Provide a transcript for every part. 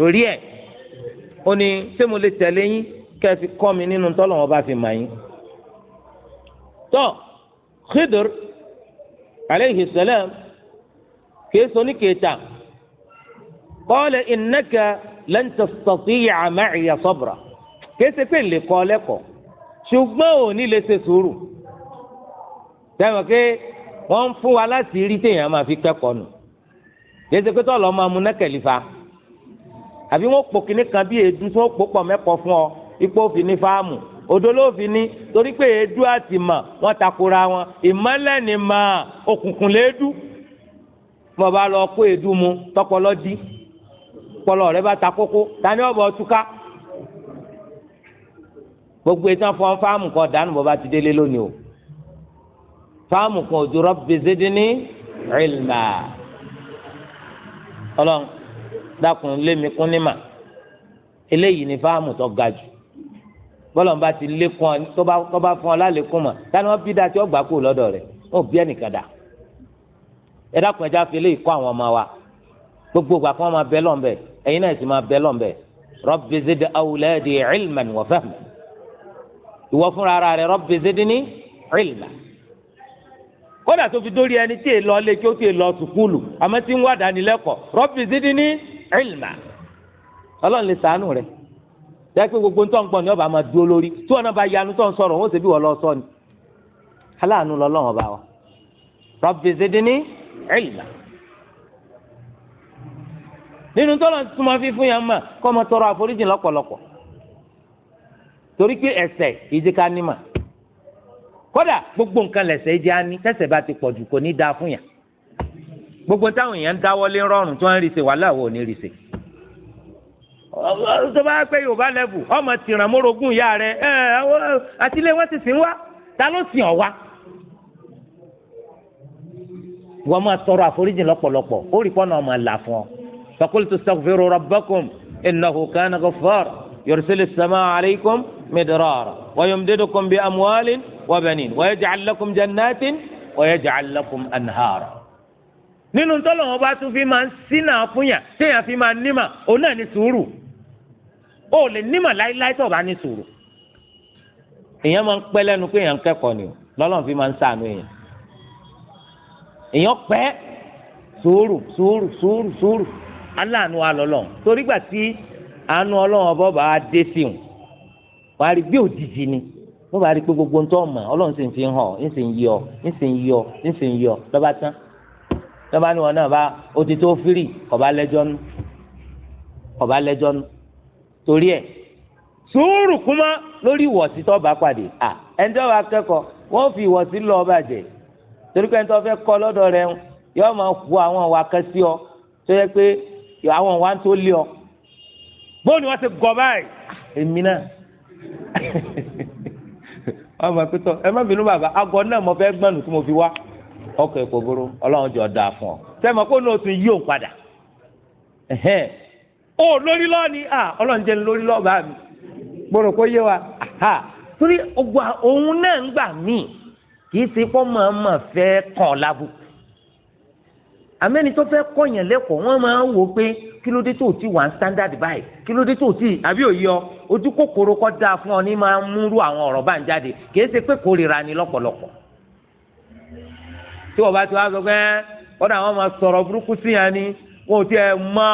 torí ẹ̀ ó ní ṣé mo lè tẹ̀lé yín kẹ́ ẹ fi kọ́ mi nínú tọ́lọ̀ wọn bá fi mà yín. tọ́ Khidr aleyhi salam kìí sọ́ni kẹta qala innaka lan tastati'a ma'iya sabra kìí ṣe pé lè kọ́ lẹ́kọ̀ọ́ ṣùgbọ́n ò ní lè ṣe sùúrù sẹ́wọ̀n pé wọ́n ń fún wa láti rí téèyàn máa fi kẹ́kọ̀ọ́ nù kìí ṣe pé tọ́lọ́ máa mú nákẹ́lifà àbí wọ́n pò kíní kan bí èédú tí wọ́n pò pọ̀ mẹ́kọ̀ọ́ fún ọ ipò òfin ní fáàmù òdo ló fi ní torí pé èédú àti mà wọ́n takora wọn ìmọ́lẹ̀ ni mà òkùnkùn léédú mo bá lọ kó èédú mu tọpọlọ dí pọlọ rẹ bá ta kókó tani ọbọ túká gbogbo ìtàn fún fáàmù kan dànù bọ́ bá ti délé lónìí o fáàmù kan òjò rabbi zidni ilma ọlọ́run dákun lémi kún ní mà eléyìí ni fáàmù tó ga jù bọ́lọ̀ bá ti lékun ọ tó bá fún ọ lálékún mà táni wọ́n bí dáa tí wọ́n gbà kú lọ́dọ̀ rẹ̀ wọ́n bí ẹnìkan dà ẹ dákun ẹja fi eléyìí kọ́ àwọn ọmọ wa gbogbo ìgbà kan máa bẹ lọ́nbẹ̀ ẹ̀yin náà sì máa bẹ lọ́nbẹ̀ rabbi zid awladi ilman wa fahma ìwọ fúnra ara rẹ rabbi zidni ilman kódà tó fi dórí ẹni tí èè lọ lé kí ó ti lọ sùkúlù àmọ́ tí ń wá dánilẹ́kọ̀ọ́ rabbi zidni ilma ọlọ́run lè sàánú rẹ̀ jẹ́ gbogbo ntọ́ ń gbọ́ ni ọba máa dúró lórí tí wọn bá yanu tó ń sọ̀rọ̀ wọn ó sì bí wọn lọ sọ ni aláàánú lọ́lọ́run ọba wa ilma fi fún yàn mà kọ́ tọrọ àforíjì lọ́pọ̀lọpọ̀ torí pé ní mà kódà gbogbo nǹkan ìdí á ní bá ti pọ̀ jù kò ní gbogbo táwọn èèyàn ń dáwọ́lé rọrùn tí wọ́n ń rí ṣe wàhálà wo ni rí ṣe tó bá pẹ́ yorùbá lẹ́bù ọmọ tìràn mórogún ìyá rẹ àtìlẹ́ wọn ti sìn wá ta ló sìn ọ́ wá. wọ́n máa tọrọ àforíjì lọ́pọ̀lọpọ̀ ó rí pọ́nà ọmọ ẹ̀là fún ọ. fakultu astaghfiru rabbakum innahu kana ghaffar yursilu as-samaa alaykum midrara wa yumdidukum bi amwalin wa banin wa yaj'al lakum nínú tọ́lọ̀ wọn bá tún fi máa ń sínà fúnyà téèyàn fi máa nímà òun náà ní sùúrù ó lè nímà láíláí tó bá ní sùúrù èèyàn máa ń pẹ́ lẹ́nu pé èèyàn ń kẹ́kọ̀ọ́ ni lọ́lọ́run fi máa ń sàánú èèyàn èèyàn pẹ́ sùúrù sùúrù sùúrù sùúrù aláàánú wa lọ́lọ́run torí gbà tí àánú ọlọ́run ọba bá dé sí wọn wàá rí bí òjijì ni wọ́n bá rí pé gbogbo ń tọ́ ọ̀mà tọ́ba ni wọn náà bá o firi ọba lẹ́jọ́ nù ọba lẹ́jọ́ nù torí ẹ̀ sùúrù kúmá lórí ìwọ̀sí tọ́ba pàdé à ẹni tọ́ba akẹ́kọ̀ọ́ wọ́n fi ìwọ̀sí lọ ọba jẹ torí pé ẹni tọ́ fẹ́ kọ́ lọ́dọ̀ rẹ yóò máa hu àwọn ìwà kan sí ọ tó yẹ pé àwọn ìwà tó lé ọ bóun ni wọ́n ti gọ báyìí èmi náà ọmọ pẹ̀tọ́ ẹ má bínú bàbá agọ náà mo fẹ́ gbọ́n tí mo fi wá. ọkọ̀ èkó burú ọlọ́run jọ da fún ọ sẹ́mi kó ní o yíò padà ó lórí lọ́ọ̀ni ọlọ́run jẹ́ lórí lọ́ọ̀bá mi gbọ́dọ̀ kó yé wa torí òun náà ń gbà mí kì í ṣe pọ́ máa ma fẹ́ kàn lábù àmẹ́ni tó máa ń wò pé tó ti wà ń standard báyìí tó ti àbí òye ọ ojú kòkòrò ni tí wọ́n bá ti wá sọ pé ọ̀dọ̀ àwọn máa sọ̀rọ̀ burúkú sí yẹn ni wọn ò tiẹ̀ mọ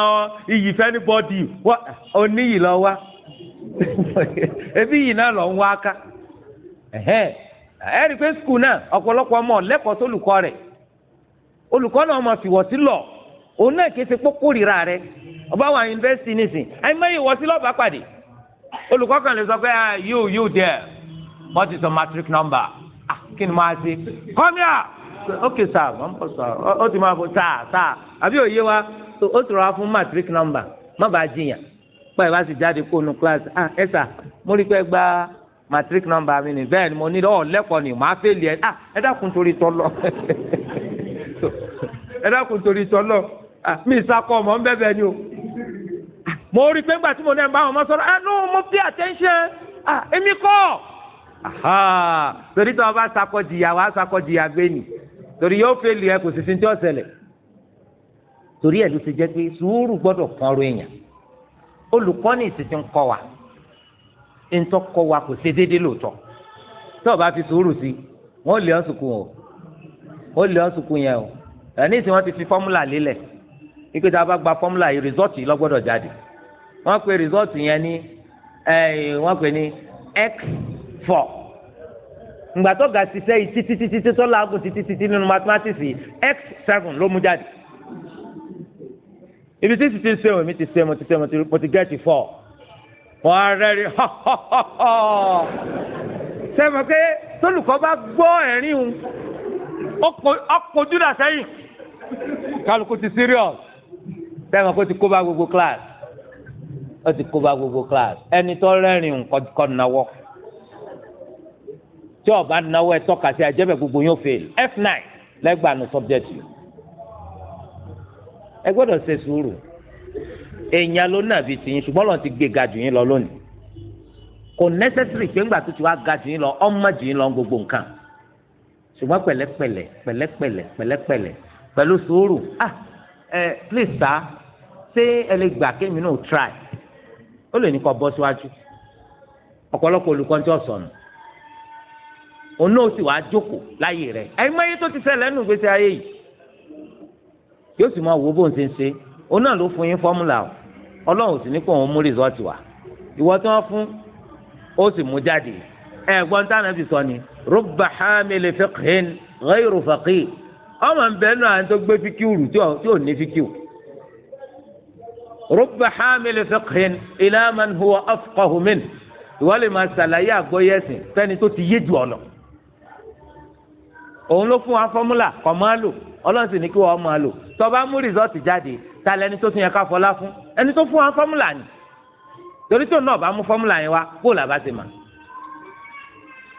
iyì fẹ́ni bọ́dì oníyì lọ wá ebi yìí náà lọ ń wá ká ẹ̀rí pé náà ọ̀pọ̀lọpọ̀ ọmọ lẹ́kọ̀ọ́ olùkọ́ rẹ̀ olùkọ́ náà ọmọ lọ òun náà rẹ ọba wà yunifásitì lọ́ba pàdé olùkọ́ kan lè sọ pé ah, matric number ah, kí ni mo á ok sáà mọ̀ ń bọ̀ sọ ọ ti máa fọ sáà sáà àbí òye wa ó sọ̀rọ̀ wa fún matric number má bàa jiyàn pa ìwà sì jáde kó nu class ah ẹ sà mo rí pé gba matric number mi ni bẹ́ẹ̀ ni mo ní ọ̀ lẹ́kọ̀ọ́ ni màá fẹ́ lẹ̀ ah ẹ dákun torí tọ́lọ̀ ẹ dákun torí tọ́lọ̀ ah mi ìsakọ̀ ọmọ ń bẹ́bẹ̀ ni o ah, mo rí pé ńgbà tí mo ní ẹ̀ bá ọmọ sọ̀rọ̀ ah no mo pay attention ah èmi kọ́ aha torí tí wọn bá sakọ jìyà wàá sakọ jìyà gbé ni torí yóò fẹ́ lè ẹ kò sì sí ní tí ó ṣẹlẹ̀ torí ẹ̀ ló ti jẹ́ pé sùúrù gbọ́dọ̀ kan ro èèyàn olùkọ́ni ìsìn ti ń kọ́ wa ń tọ́ wa kò ṣe déédéé lóòótọ́ tó o bá fi sùúrù sí wọ́n lè ọ́ sùkùn o ó lè ọ́ sùkùn yẹn o ẹ̀ ní ìsìn wọn ti fi fọ́múlà lélẹ̀ ike tá a bá gba fọ́múlà yìí rìsọ́ọ̀tì yìí lọ́gbọ́dọ̀ jáde wọ́n pe rìsọ́ọ̀tì yẹn ní wọ́n pe ní x four ìgbà tó ga ṣiṣẹ́ yìí títí títí tó làágùn títí títí nínú mathematics x seven ló mú jáde ibi tí ti ti ṣe òun mi ti ṣe mo ti ṣe mo ti gẹ́ẹ̀tì four wọ́n á rẹ́rìí họ́họ́họ́ sẹ́mi pé tólùkọ́ bá gbọ́ ẹ̀rín òun ọkọ̀jú dà sẹ́yìn kálukú ti serious sẹ́mi pé ó ti kó bá gbogbo class ó ti kó bá gbogbo class ẹni tó rẹ́rìn òun kọ́ náwó tí ọba náwó ẹ tọ́ka sí ajẹ́bẹ̀ gbogbo yóò fail f9 lẹ́gbàá nu subject yìí ẹ gbọ́dọ̀ ṣe sùúrù èèyàn ló nàbí tìyín ṣùgbọ́n lọ́n ti gbé ga jù yín lọ lónìí kò necessary pé ńgbà tó ti wá ga jù yín lọ ọmọ jù yín lọ gbogbo nǹkan ṣùgbọ́n pẹ̀lẹ́pẹ̀lẹ́ pẹ̀lẹ́pẹ̀lẹ́ pẹ̀lẹ́pẹ̀lẹ́ pẹ̀lú sùúrù ah ẹ please sir ṣé ẹ lè gbà kémi náà try ó lè ní kó bọ́ síwájú ọ̀pọ̀lọpọ̀ olùkọ́ tí ó sọnù òun náà sì wàá jókòó láyè rẹ̀ ẹ̀yin mọ iye tó ti ṣẹlẹ̀ nù gbèsè ayé yìí yóò sì máa wò bó ń ṣe ń ṣe òun náà ló fún yín fọ́múlà o ọlọ́run ò sì ní kó òun mú rìsọ́ọ̀tì wá ìwọ tí wọ́n fún ó sì mú jáde ẹ̀gbọ́n táwọn fi sọ ni rubba hamili fiqhin ghayru faqih ọmọ nbẹ náà ń tó gbé fíkìú tí ò ní fíkìú rubba hamili fiqhin ila man huwa afqahu min máa ṣàlàyé àgbọ́yé fẹ́ni tó ti yé ju ọ̀nà òun ló fún wa fọ́múlà kọ́ máa lò ọlọ́run sì ní kí wọ́n máa lò tọ́ba mú rìsọ́ọ̀tì jáde ta lẹni tó tún yẹ ká fọlá fún ẹni tó fún wa fọ́múlà ni torí tó náà bá mú fọ́múlà yẹn wá kó làbá ti mà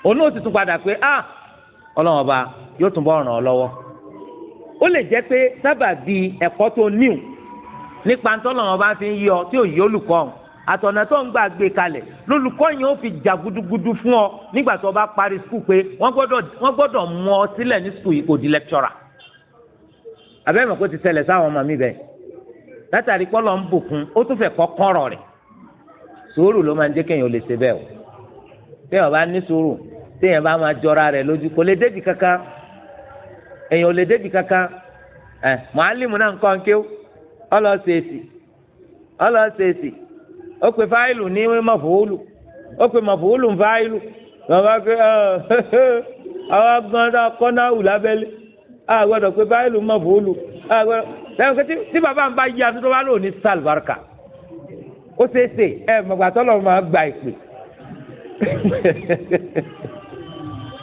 òun náà ti tún padà pé ah ọlọ́run ọba yóò tún bọ́ ràn ọ́ lọ́wọ́ ó lè jẹ́ pé sábà bíi ẹ̀kọ́ tó níw nípa ntọ́lọ́run ọba fi ń yọ tí ò yí olùkọ́ ọ̀hún àtọ̀nà tó ń gbà gbé kalẹ̀ lólùkọ́ yẹn ó fi jà gudugudu fún ọ nígbà tó bá parí skul pé wọ́n gbọ́dọ̀ mọ ọ sílẹ̀ ní skul yìí kò di lẹ́kítọ́rà abẹ́rẹ́ mọ̀ kó ti ṣẹlẹ̀ sáwọn ọmọ mi bẹ́ẹ̀ látàrí pọ́lọ̀ ń bùkún ó tún fẹ́ kọ́ kọ́rọ̀ rẹ̀ sùúrù ló máa ń jẹ́ kéèyàn lè ṣe bẹ́ẹ̀ o téèyàn bá ní sùúrù téèyàn bá máa jọra rẹ̀ lójú kò lè débi kankan èèyàn ò lè débi kankan ẹ̀ mọ̀álìmù náà ń kọ́ ń kéw ọlọ́ọ̀ṣẹ̀ẹ̀sì ọlọ́ọ̀ṣẹ̀ẹ̀sì ó pe fáìlù ní mọ̀fòólù ó pe mọ̀fòólù ń fáìlù bàbá pé àwọn agbọ̀nrán kọ́náwù lábẹ́lẹ́ àgbọ̀dọ̀ pé fáìlù mọ̀fòólù àgbọ̀dọ̀ lẹ́yìn pé tí bàbá ń bá yí aṣọ tó bá lò ní sàlùbáríkà ó ṣeé ṣe ẹ mọ̀gbà tọ́lọ̀ máa gba ìpè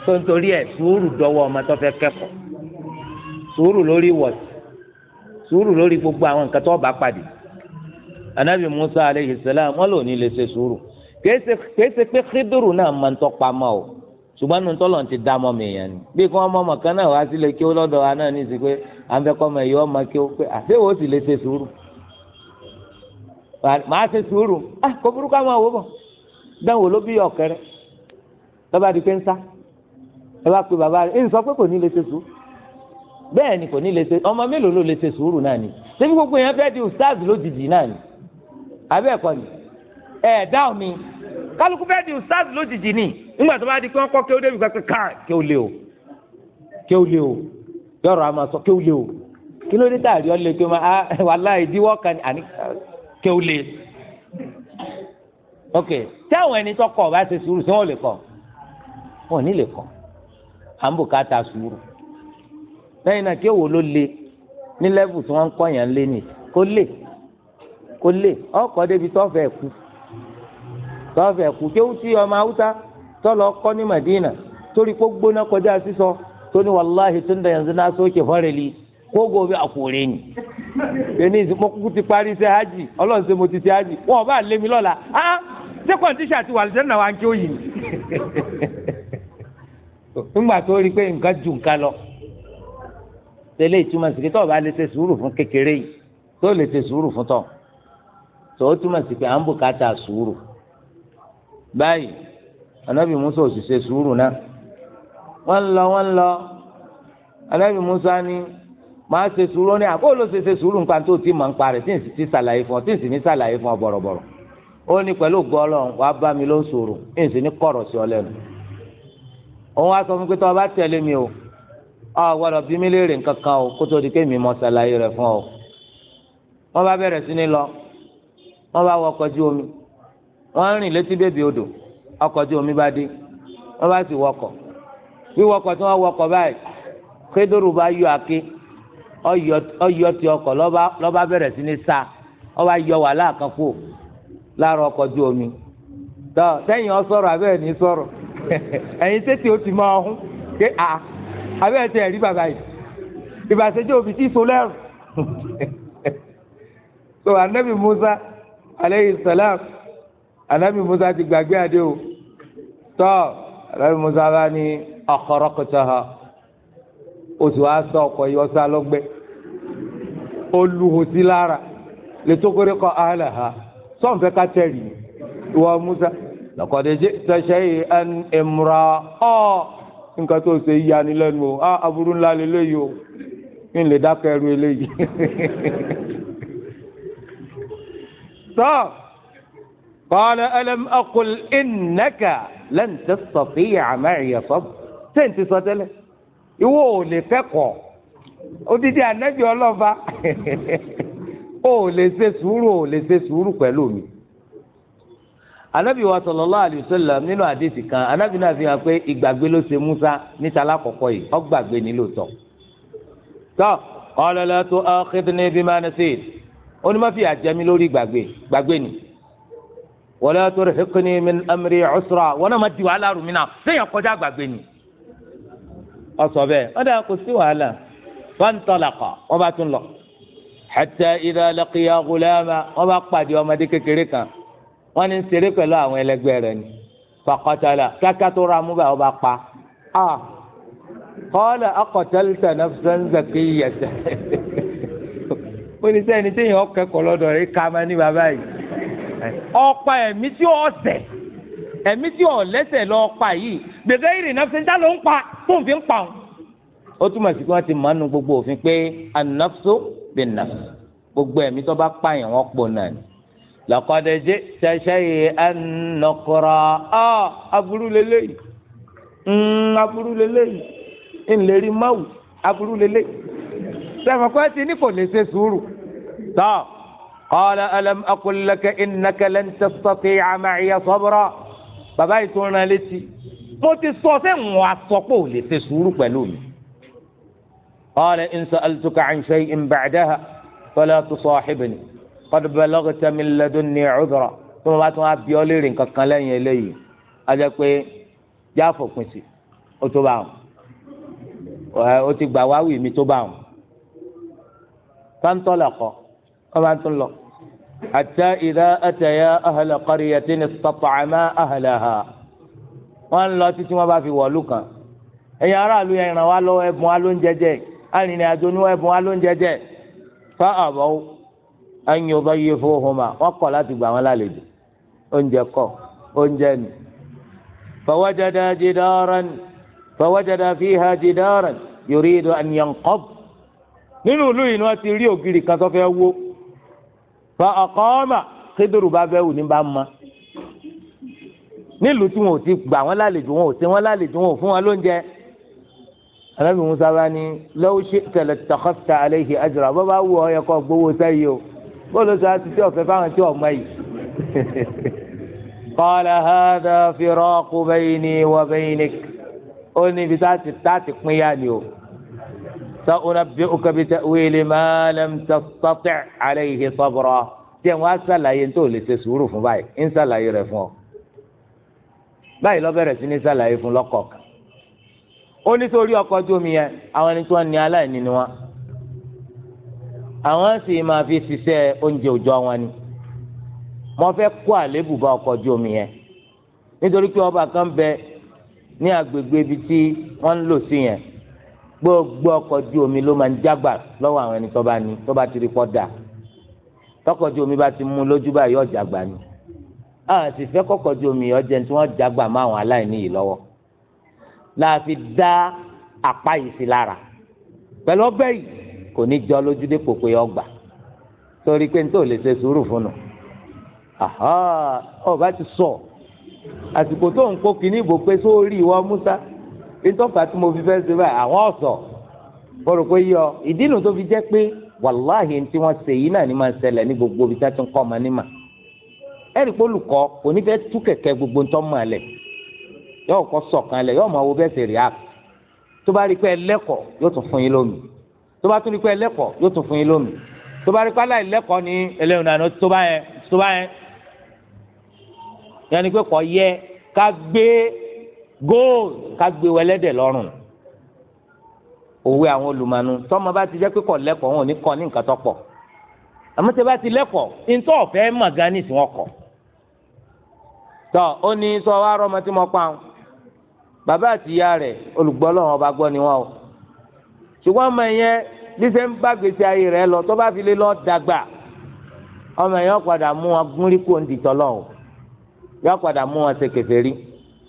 tó ń torí ẹ̀ sùúrù dọ́wọ́ ọmọ tó fẹ́ kẹ́kọ̀ọ́ sùúrù lórí wọ̀sí sùúrù lórí gbogbo àwọn nǹkan tó bá pàdé anabi musa aleyhi salam wọn lò ní lè ṣe sùúrù kèése pé kídùrù náà máa ń tọpa ma o ṣùgbọ́n nu tọ́lọ̀ ti dá mọ́ mi yẹn ni bí kí wọ́n mọ ọmọ náà wá sílé kí ó lọ́dọ̀ wa náà ní sí pé à ń fẹ́ kọ́ ọmọ ẹ̀yọ́ ọmọ kí ó pé àṣewò sì lè ṣe sùúrù màá ṣe sùúrù ah kò burúkú àwọn àwọ̀ bọ̀ dáwọ̀ ló bí ọ̀kẹ́rẹ́ tọ́ba di pé ń sá ẹ bá pe bàbá rẹ̀ ń sọ pé kò ní lè ṣe sùúrù bẹ́ẹ̀ ni kò ní lè ṣe ọmọ mélòó ló lè ṣe sùúrù ustaz lójijì náà ni àbí ẹ̀kọ́ ni ẹ̀ omi kálukú fẹ́ di ustaz lójijì ni tó bá di pé wọ́n kọ́ kéwú débi o kéwú o yọrọ amasọ sọ o kí ló dé tá a rí ọ lé kéwú ma wàláhì ìdíwọ́ kan àní lé ok tí àwọn ẹni tó ṣe sùúrù sí kọ wọn kọ à ń sùúrù lẹ́yìn náà le ní lẹ́bù tí wọ́n ń kọ́ yẹn lé kò lè ọkọ̀ débi tọ́fẹ̀ tọfẹ tọ́fẹ̀ ẹ̀kú kéwù tí ọmọ haúsá tọ́lọ kọ́ ní Madina torí kó gbóná kọjá sísọ tó ní wàláhì tún da yanzu náà sókè àkórè ni bẹ́ẹ̀ni mo kúkú ti parí iṣẹ́ hajj mo ti ṣe hajj wọn ò bá lé mi lọla, ah ṣé wà náà ń kí ó yìí tó rí lọ ìtumọ̀ sí kí tọ́ọ̀ bá lè sùúrù fún kékeré yìí tó lè tó o túmọ̀ sí pé à ń bùkátà sùúrù báyìí anabi musa ò sì ṣe sùúrù náà wọ́n lọ wọ́n lọ anabi musa ni màá ṣe sùúrù ní àkókò ló ṣe ṣe sùúrù nípa tó ti mọ̀ ń parẹ́ tí n sì ti ṣàlàyé fún ọ tí n sì ní ṣàlàyé fún ọ bọ̀rọ̀bọ̀rọ̀ ó ní pẹ̀lú gọ́ọ̀lọ́ wàá bá mi ló sòrò n sì ní kọ̀rọ̀ sí ọ lẹ́nu òun wá sọ fún pé tó o bá tẹ̀lé mi o ọ gbọ́dọ̀ bí mi léèrè nǹkan kan o kó tó di pé mi mọ̀ ṣàlàyé rẹ̀ fún ọ wọ́n bá bẹ̀rẹ̀ sí ní lọ wọ́n bá wọ ọkọ̀ ojú omi wọ́n rìn létí bèbè odò ọkọ̀ omi bá dé wọ́n bá sì wọkọ̀ wíwọkọ̀ tí wọ́n wọkọ̀ báyìí kédòrò bá yọ àké ọyọ ti ọkọ̀ lọ́ba bẹ̀rẹ̀ sí ní sá ọba yọ wàhálà kan kú lára ọkọ̀ ojú omi tọ́ sẹ́yìn ọ sọ̀rọ̀ abẹ́rẹ́ ní sọ̀rọ̀ ẹ̀yin tètè ó ti mọ ọ̀hún pé a abẹ́rẹ́ tẹ̀ rí bàbá yìí ìbàṣẹ́jọ́ òbí tí so lẹ́rù so anabi Musa aleyhi salam anabi musa ti gbàgbé adé o tọ anabi musa bá ní akọrọkọtàhà oṣù asọ ọkọ yìí ọsọ alọgbẹ olùhùsí lára lẹtọkọrẹ kọ àhàlà ha sọǹfẹ kátẹrì ìwọ musa lọkọdẹjẹ tẹsẹ yìí ẹn ìmúra ọ nǹkan tó ṣe yanilẹnu o aburú ńlá lélẹyìí o ń lè dákẹ́ ẹrú eléyìí. الانتصار قال ألم أقل إنك لن تستطيع معي صبر ṣé ǹ ti sọ tẹ́lẹ̀ ìwọ ò lè kẹ́kọ̀ọ́ odidi anabi ọlọ́ba anabi wa sallallahu alayhi wa sallam nínú àdéhìí kan anabi náà fi hàn pé ìgbàgbé ló ṣe Musa níta lákọ̀ọ́kọ́ yìí ó gbàgbé ní lóòótọ́ tó qala la tu'akhidhni bima nasit ó ní má fi àjẹmí lórí gbàgbé gbàgbé ni wala turhiqni min amri usra wọn náà má di wàhálà rù mí náà sẹ́yìn kọjá gbàgbé ni. ọsọ bẹ́ẹ̀ ó dáa kò sí wàhálà fantalaqa wọn bá tún lọ hatta idha laqiya ghulama wọn bá pàdé ọmọdé kékeré kan wọn ní ṣeré pẹ̀lú àwọn ẹlẹgbẹ́ rẹ̀ ni faqatala kàkà mú bá wọn bá pa á ah. qala aqtalta nafsan zakiyyatan. ó ní sẹ́ni téèyàn kẹ́kọ̀ọ́ lọ́dọ̀ rẹ̀ ká máa ní bàbá yìí ọ̀pá ẹ̀mí tí ó ọ̀sẹ̀ ẹ̀mí tí ó lẹ́sẹ̀ lọ́ọ́ pa yìí gbèsè ìrìnà fi ń dá ló ń pa tó ń fi ń pa òun ó túmọ̀ sí pé wọ́n ti mọ̀ nínú gbogbo òfin pé anafso bin nafs gbogbo ẹ̀mí tó bá pààyàn wọ́n pò náà ni. laqad ji'ta shay'an nakra ọ́ ah, aburú lélẹ́yìí hmm, aburú ńlẹ́rìí máwù aburú sẹ́wọ̀n kọ́ ti ní kò lè ṣe sùúrù tọ́ qala alam aqul laka innaka lan tastati'a ma'iya sabra bàbá yìí tó ń ran létí mo ti sọ ṣé wọ́n aṣọ pé ò lè ṣe sùúrù pẹ̀lú mi. qala in sa'altuka an shay'in ba'daha fala tusahibni qad balaghta min ladunni 'udhra tó mo bá tún wá bí ọ léèrè nǹkan kan lẹ́yìn فانطلق طبعا تنلق حتى إذا أتيا أهل قرية استطعما أهلها wọ́n lọ títí wọ́n bá fi wọ̀lú kan ẹ̀yin aráàlú yẹn ràn wá lọ́wọ́ ẹbùn wa ló ń jẹjẹ arìnrìn àjò ni wọn ẹbùn wa ló ń jẹjẹ fa àbọ̀ ẹ̀yin ọba yìí fowóhùnmá wọ́n kọ̀ láti gbà wọ́n lálejò oúnjẹ kọ̀ oúnjẹ nì. فوجد جدارا فوجد فيها جدارا يريد أن ينقض nínú ìlú yìí ni wọ́n ti rí ògiri kan tó fẹ́ wó fa ọ̀kọ́ọ́mà kédèrú bá fẹ́ wù ní bá ma nílùú tí wọn ò ti gbà wọn lálejò wọn ò ṣe wọn lálejò wọn ò fún wọn lóúnjẹ alábi musa bá ní lọ́wọ́ ṣe tẹ̀lé tọkọ́tà aláìhí àjọrà bọ́ bá wù ọ yẹ kọ́ gbowó sẹ́yìí o bóòlù sọ àti tí ọ̀fẹ́ fáwọn tí ọ̀mọ yìí. qala hadha firaqu bayni wa baynik ó ní ibi tá a ti pín yá ni o. سأنبئك بتأويل ما لم تستطع عليه sabra tí ẹ̀ wọ́n á sàlàyé tó lè ṣe sùúrù fún báyìí ń sàlàyé rẹ̀ fún ọ. báyìí lọ bẹ̀rẹ̀ sí ní sàlàyé fún lọ́kọ̀ọ̀kan. ó nítorí ọkọ̀ ojú omi yẹn àwọn ẹni tí wọ́n ní aláìní ni wọ́n. àwọn sì máa fi ṣiṣẹ́ oúnjẹ òòjọ́ wọn ni. mo fẹ́ kó àléébù bá ọkọ̀ ojú nítorí pé ọba kan bẹ ní agbègbè ibi tí wọ́n ń lò sí yẹn gbogbo ọkọ̀ ojú omi ló máa ń jágbà lọ́wọ́ àwọn ẹni tó bá ní tó bá ti rí pọ́dà tọkọ̀ ojú omi bá ti mú lójú báyìí ọjà gbà ni àti fẹ́ kọ́kọ́ ojú omi ọjà tí wọ́n jágbà má àwọn aláìní yìí lọ́wọ́ la fi dá apá yìí sí lára pẹ̀lú ọbẹ̀ yìí kò ní jọ lójú dé pòpè ọgbà torí pé nítorí lè ṣe sùúrù fún un ọba ti sọ àsìkò tó ń kó kíní ìbò pé sórí ìwọ Musa. So nítorí àti mo fi fẹ́ ṣe báyìí àwọn ọ̀sọ̀ mo rò pé yọ ìdí nu tó fi jẹ́ pé wàláhì tí wọ́n ṣe yìí náà ni máa ń ṣẹlẹ̀ ní gbogbo ibi tá ti ń kọ́ ọmọ ní mà ẹ̀rì pé olùkọ́ kò ní fẹ́ tú kẹ̀kẹ́ gbogbo ń tọ́ mọ́ alẹ̀ yóò kọ́ sọ̀kan alẹ̀ yóò máa wo bẹ́ẹ̀ ṣe react tó bá rí pé ẹlẹ́kọ̀ọ́ yóò tún fún yín lómi tó bá tún rí pé ẹlẹ́kọ̀ọ́ yóò tún fún yín lómi tó bá rí pé aláìlẹ́kọ̀ọ́ ni ẹlẹ́yìn náà tó bá yẹn tó bá yẹn yẹn ni pé kọ́ yẹ ká gbé gold ká gbé wẹlẹ́dẹ̀ lọ́rùn òwe àwọn olùmọ̀nù tọ́mọ bá ti jẹ́ pé kọ̀ lẹ́kọ̀ọ́ wọn ò ní kọ́ ní nǹkan tó pọ̀ àmọ́ tẹ́ bá ti lẹ́kọ̀ọ́ ntọ́ ọ̀fẹ́ màgání sí wọn kọ̀ tọ́ ó ní sọ wá rọmọ tí mo pa ọ́n bàbá àti ìyá rẹ̀ olùgbọ́ lọ́wọ́ ọba gbọ́ ni wọ́n o ṣùgbọ́n ọmọ yẹn bí ṣe ń bá gbèsè ayé rẹ̀ lọ tó bá fi lé lọ dàgbà ọmọ yẹn ó padà mú wọn gúnrí kó ń dìtọ́ lọ́wọ́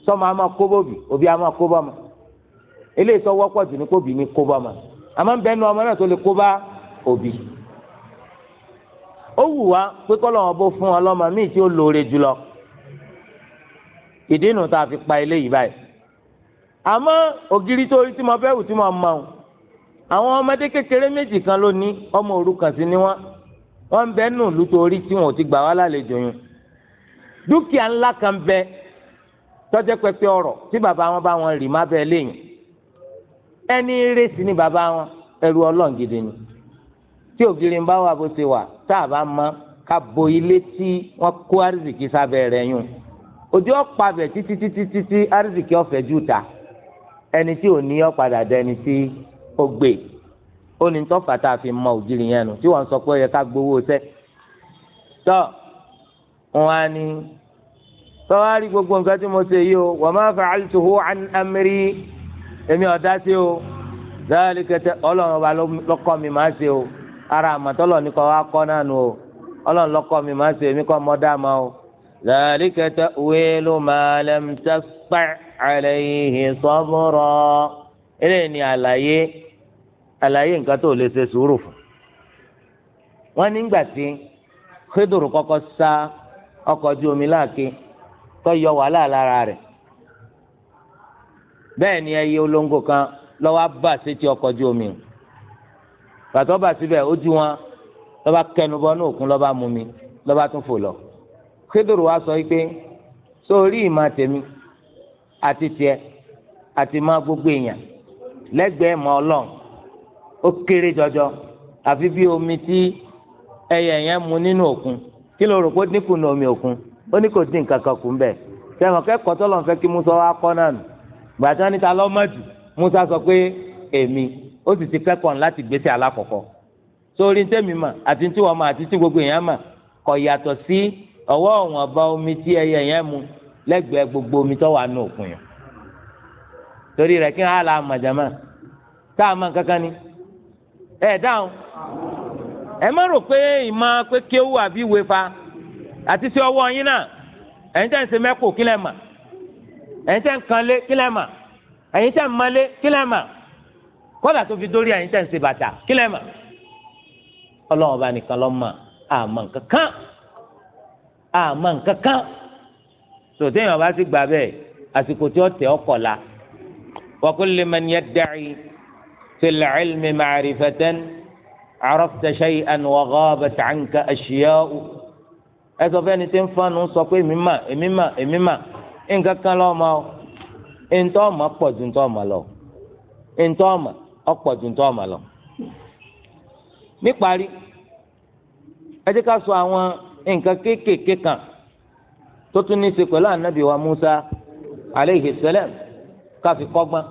sọmọ àmọ́ kóbóbì òbí àmọ́ kóbọmọ eléyìí tó wọ́pọ̀ jù ní kóbì ní kóbọmọ àmọ́ ń bẹnu ọmọ náà tó lè kóbá òbí. ó wù wá pé kọ́lọ́wọ́n bó fún ọ lọ́mọ míì tí ó lóore jùlọ ìdí nu tá a fi pa eléyìí báyìí. àmọ́ ògiri tó rí tí mo fẹ́ wù tí mo mọ̀ ọ́n àwọn ọmọdé kékeré méjì kan ló ní ọmọ òrukàn sí ni wọ́n wọ́n ń bẹ́ẹ̀ nù lùtò orí tí wọn ò ti gbà wá lálejò yẹn dúkìá ńlá kan bẹ́ẹ̀ tọ́jẹ́ pẹpẹ ọ̀rọ̀ tí bàbá wọn bá wọn rì má bẹ́ẹ̀ léyìn ẹni rèsì ni bàbá wọn ẹrú ọlọ́run gidi ni tí ògiri ń bá wà bó ṣe wà tá a bá mọ ká bo ilé tí wọ́n kó arzikì sábẹ́ rẹ̀ yùn òjò ọ̀pàbẹ̀ títí títí títí arzikì ọ̀fẹ́ jù ta ẹni tí ò ní ọ̀padà dẹni tí ó gbé ó ní tọ́fà tá a fi mọ ògiri yẹn nu tí wọ́n sọ pé ó yẹ ká gbowó sẹ́ tọ́ wọn á ní sọ́wárí gbogbo nǹkan tí mo ṣe yìí o wa ma fa'altuhu an amri èmi ọ̀dá sí o dáàlì kẹtẹ ọlọ́run ọba lọ́kọ́ mi máa ṣe o ara àmọ̀tọ́lọ̀ ní kọ́ wa kọ́ náà nù o ọlọ́run lọ́kọ́ mi máa ṣe èmi kọ́ mọ́ dá o dáàlì kẹtẹ wíìlú ma lam taspa' alayhi sabra eléyìí ni àlàyé àlàyé nǹkan tó lè ṣe sùúrù fún wọn nígbà tí Khidru kọ́kọ́ sá ọkọ̀ ojú omi láàkín tó yọ wàhálà lára rẹ̀ bẹ́ẹ̀ ni ẹyẹ olóńgò kan lọ́wọ́ bá sétí ọkọ̀ ojú omi pàtó bá síbẹ̀ ó jí wọn lọ́ba kẹnubọ́ ní òkun lọ́ba mú mi lọ́ba tún fò lọ Kédùrù wa sọ pé sórí ìmọ̀ tèmi àti tiẹ̀ àti má gbogbo èèyàn lẹ́gbẹ̀ẹ́ mọ́ ọlọ́run ó kéré jọjọ àfi bí omi tí ẹyẹ yẹn mu nínú òkun kí ló rò pé dínkù ní omi òkun ó ní kò dín nǹkan kan kù mbẹ sẹwọn kẹkọọ tọlọ fẹ́ kí musa wa kọ náà nù gbàtà níta lọmọdù musa sọ pé èmi ó sì ti kẹ́kọ̀ọ́ láti gbèsè alákọ̀ọ́kọ́ sórí ń tẹmí mà àti ń tí wọn mà àti tí gbogbo èèyàn mà kò yàtọ̀ sí ọwọ́ ọwọn ọba omi tí ẹyẹ yẹn mu lẹ́gbẹ̀ẹ́ gbogbo omi tó wà nù òkun yẹn torí rẹ̀ kí wọn á màjàmá tá a mọ̀ kankan ni ẹ dáhùn ẹ má rò pé ìmọ̀ pé kéwù àbí wèéfà àti sí ọwọ́ yín náà ẹ̀yin tẹ́ ń ṣe mẹ́kò kílẹ̀ mà ẹ̀yin tẹ́ ń kanlé kílẹ̀ mà ẹ̀yin tẹ́ ń malé kílẹ̀ mà kọ́dà tó fi dórí ẹ̀yin tẹ́ ń ṣe bàtà kílẹ̀ mà ọlọ́run bá nìkan lọ́ mà àmọ́ nǹkan kan àmọ́ nǹkan kan sòtéèyàn ti gbà bẹ́ẹ̀ àsìkò tí ó tẹ̀ ọ́ kọ̀ la wa kulli man yadda'i fil ilmi ma'rifatan 'arafta shay'an wa ghabat 'anka ashya'u ẹ sọ fẹ́ni tí ń fọnù sọ pé èmi mà èmi mà èmi mà nǹkan kan lọ́mọ o ntọ́ ọmọ pọ̀ ju ntọ́ ọmọ lọ ntọ́ ọmọ ọ̀pọ̀ ju ntọ́ ọmọ lọ. níparí ẹ jẹ́ ká sọ àwọn nǹkan kéékèèké kan tó tún ní í ṣe pẹ̀lú ànábì wa Musa aleyhi salam ká fi kọ́gbọ́n.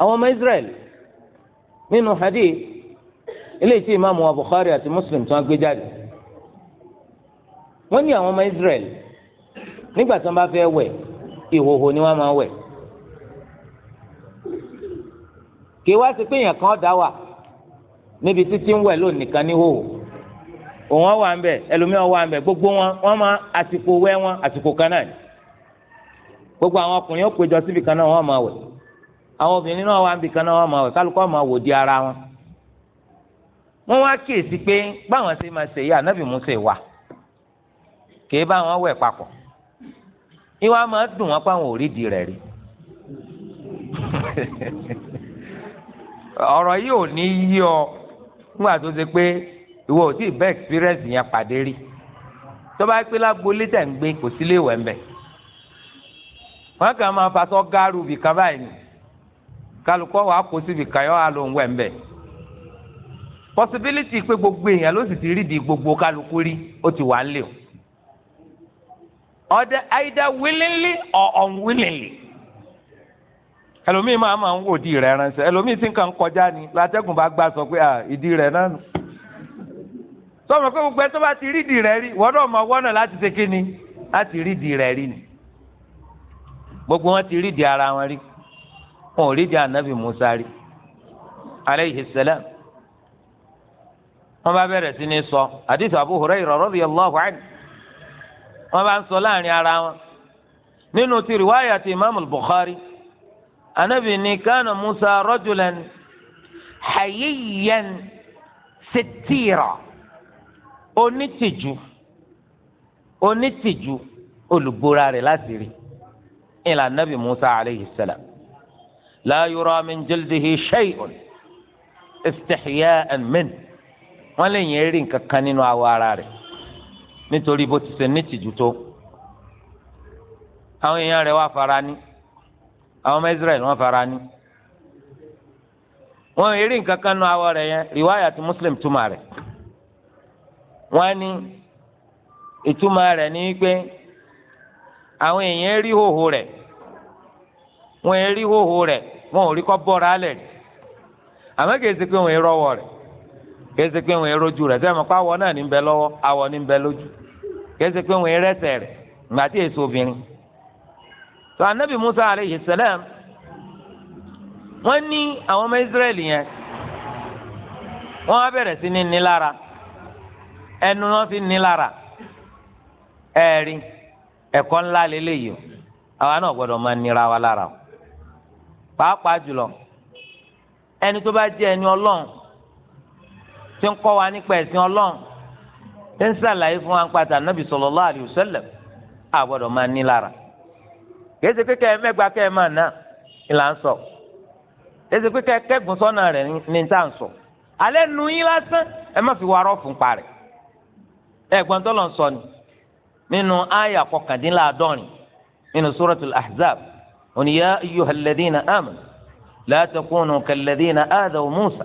àwọn ọmọ Israẹli nínú hadith ilé tí imaamu wa Bukhari àti Muslim tí wọ́n gbé jáde. wọ́n ní àwọn ọmọ Israel nígbà tí wọ́n bá fẹ́ wẹ̀ ìhòhò ni wọ́n máa wẹ̀ kí wá sí pé èèyàn kan dá wà níbi títí ń wẹ̀ lónìí kan hòhò òun wà ń bẹ ẹlòmíràn gbogbo wọn wọ́n máa àsìkò wẹ̀ wọn àsìkò kan náà ni gbogbo àwọn ọkùnrin ó péjọ síbi kan náà wọ́n máa wẹ̀ àwọn obìnrin náà wà níbi kan náà wọ́n máa wẹ̀ kálukọ́ máa wò di ara wọn wọ́n wá kíyèsí pé báwọn ṣe kì í bá wọn wẹ̀ papọ̀ ìwà máa dùn wọn pé àwọn ò rẹ̀ rí ọ̀rọ̀ yìí ò ní yí ọ nígbà tó ṣe pé ìwọ ò tí ì bá experience yẹn pàdé rí tó bá pé lágbolé tẹ̀ ń gbé kò sí lè ń bẹ̀ wọn kàn máa fasọ gáàrú bìkan báyìí ni kálukọ wàá kó síbi kàyọ àlòun ń bẹ̀ possibility pé gbogbo èèyàn ló sì ti rí di gbogbo kálukú rí ó ti wà ń lè o. Other, either willingly or unwillingly. ẹlòmíì máa máa ń wò di rẹ̀ ránṣẹ́ ẹlòmíì elomi ń kọjá ni látẹ̀gùn bá gbà sọ pé ìdí rẹ̀ náà sọmọ pé gbogbo ẹ tó bá ti rí di rẹ̀ rí wọn náà wọnà láti ṣe kíni láti rí di rí ni. gbogbo wọn ti rí di ara wọn rí wọn ò rí di anabi musa rí salam. wọn bá bẹ̀rẹ̀ sí ní sọ àdìsí Abu Hurairah radiyallahu wọn bá ń sọ láàrin ara wọn nínú ti riwaya ti imaamu bukhari anabi ni kana musa rajulan hayiyan sitira onítìjú onítìjú olùgbòra rẹ̀ láti rí ìlà anabi musa aleyhi salam la yura min jildihi shay'un istihya'an min wọn lè yẹn rí nǹkan nínú awọ ara rẹ̀. nítorí bó ti ṣe nítìjú tó àwọn èèyàn rẹ̀ wá fara ní àwọn ọmọ Israẹli fara ní wọ́n eré nǹkan kan nu awọ yẹn riwaya ti Muslim túmọ̀ rẹ̀ wọ́n ní ìtumọ̀ rẹ̀ ní wípé àwọn èèyàn rí hòhò hoho re rí hòhò rẹ̀ wọ́n ò rí kọ́ bọ́ra alẹ̀ rí kèsì pé wọn erójú rẹ̀ sẹ́mi pé awọ náà ní bẹ lọ́wọ́ awọ ní bẹ lójú kèsì pé wọn erẹ́sẹ̀ rẹ̀ gbàtí èso obìnrin. sọ anabi musa aleyhi salam wọ́n ní àwọn ọmọ israẹli yẹn wọ́n á bẹ̀rẹ̀ sí ní nílára ẹnu wọn fi nílára ẹ̀rí ẹ̀kọ́ ńlá lélẹ́yìí àwa náà gbọ́dọ̀ máa nira wa lára o pàápàá jùlọ ẹni tó bá jẹ́ ẹni ọlọ́run tí ń kọ́ wa nípa ẹ̀sìn ọlọ́run tí ń sàlàyé fún wa ń pàtàkì nàbì sallallahu alaihi wasallam àgbọ̀dọ̀ máa ní lára kèsì kékeré mẹ́gbàá kẹ́ ẹ máa ná ìlà ń sọ kèsì kékeré kẹ́gùn sọ́nà rẹ̀ ń sọ alẹ́ nu yín lásán ẹ má fi wàrọ̀ fún parẹ́ ẹ̀gbọ́n tó lọ sọ ni nínú àyà kọkàndínláàdọ́rin nínú ahzab adaw Musa.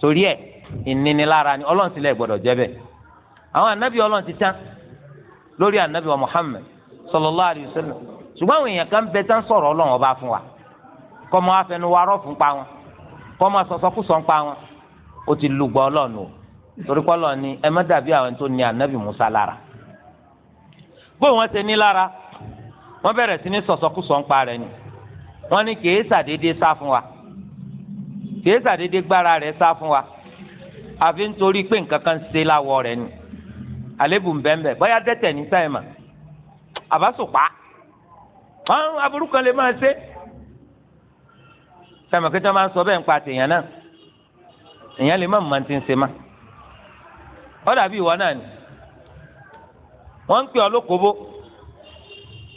torí ẹ ìnínilára ni ọlọ́run ti lẹ̀ gbọ́dọ̀ jẹ́ bẹ́ẹ̀ àwọn anabi ọlọ́run ti tán lórí anabi wa Muhammad sallallahu alayhi wa sallam ṣùgbọ́n àwọn èèyàn kan bẹ tán sọ̀rọ̀ ọlọ́run ọba fún wa kọ́ mọ afẹnuwarọ́ fún pa wọn kọ́ mọ sọ̀sọ́kùsọ̀ ń pa wọn ó ti lùgbọ́ ọlọ́run o torí kọ́lọ́ ni ẹ má dàbí àwọn tó ní anabi Musa lára bó wọn ṣe ní lára wọn bẹ̀rẹ̀ sí ní sọ̀sọ́kùsọ̀ ń pa rẹ̀ ni wọn ní kì í ṣàdédé sá fún wa kìí sàdédé gbára rẹ̀ sá fún wa àfi nítorí pé nǹkan kan ṣe láwọ̀ rẹ̀ ni àlébù bẹ́ẹ̀nbẹ́ẹ́ bóyá dẹ́tẹ̀ ní sáyẹn mà àbásùpá àwọn aburú kan lè máa ṣe sàmì kí wọ́n máa ń sọ bẹ́ẹ̀ ń pa tèèyàn náà èèyàn lè má mọ̀ ti ń ṣe má ó dàbí ìwọ náà ni wọ́n ń pè ọ́ lókòbó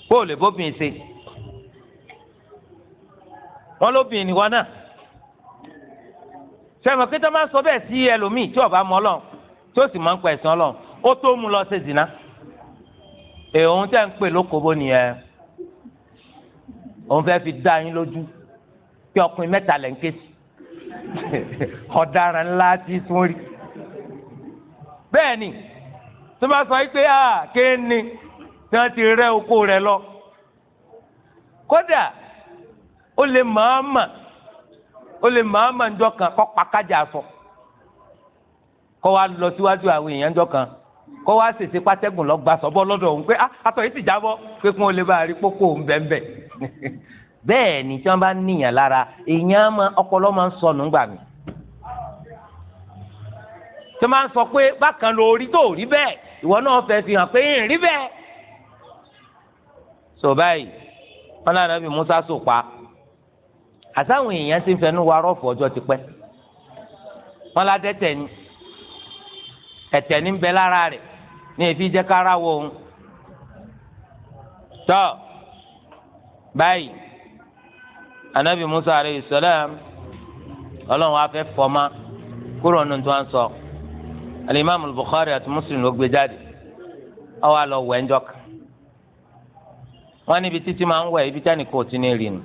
kó o lè bóbin ṣe wọ́n lóbin ìwọ náà sẹ́mi pé tó máa ń sọ bẹ́ẹ̀ sí ẹlòmíì tí ọba mọ́ lọ tó sì máa ń pẹ̀ sán lọ ó tó mú lọ ṣe zina èèhùn tẹ́ ń pè lókòbó nìyẹn òun fẹ́ fi dá yín lójú pé ọkùnrin mẹ́ta lẹ́ ń ké sí ọ̀daràn ńlá ti tún rí bẹ́ẹ̀ ni tó máa sọ pé a kéènì tí wọ́n ti rẹ́ oko rẹ̀ lọ kódà ó lè máa mà ó lè máa ma ń jọ kan kọ́ pàkájà sọ kọ́ wa lọ síwájú àwọn èèyàn jọ kan kọ́ wa ṣèṣe pátẹ́gùn lọ gbà sọ́bọ́ lọ́dọ̀ òun pé àtọ̀ ah, yìí ti jábọ́ pé kí wọ́n lè bá a rí pópó òun bẹ́ẹ̀ bẹ́ẹ̀ ni tí wọ́n bá níyàn lára èèyàn ọpọlọ máa ń sọnù gbà mí tí wọ́n máa ń sọ pé bákan ló rí tó rí bẹ́ẹ̀ ìwọ náà fẹ́ fi hàn pé rí bẹ́ẹ̀ sọ báyìí wọn náà nàbì Musa sọ pa. àtàwọn èèyàn ti fẹnu wa rọ́ọ̀fù ọjọ́ ti pẹ́ wọn la dẹ́tẹ̀ ni ẹ̀tẹ̀ ní bẹ lára rẹ̀ ní èfi jẹ́ kára wọ òun tọ́ báyìí anabi musa aleyhi salam ọlọ́run afẹ́ fọmá kúrò nínú tó ń sọ alimami bukhari àti muslim ló gbé jáde ọwọ́ àlọ́ wẹ̀ ń jọ kan wọ́n níbi títí ń wẹ̀ ibi tí a ní rìn nù.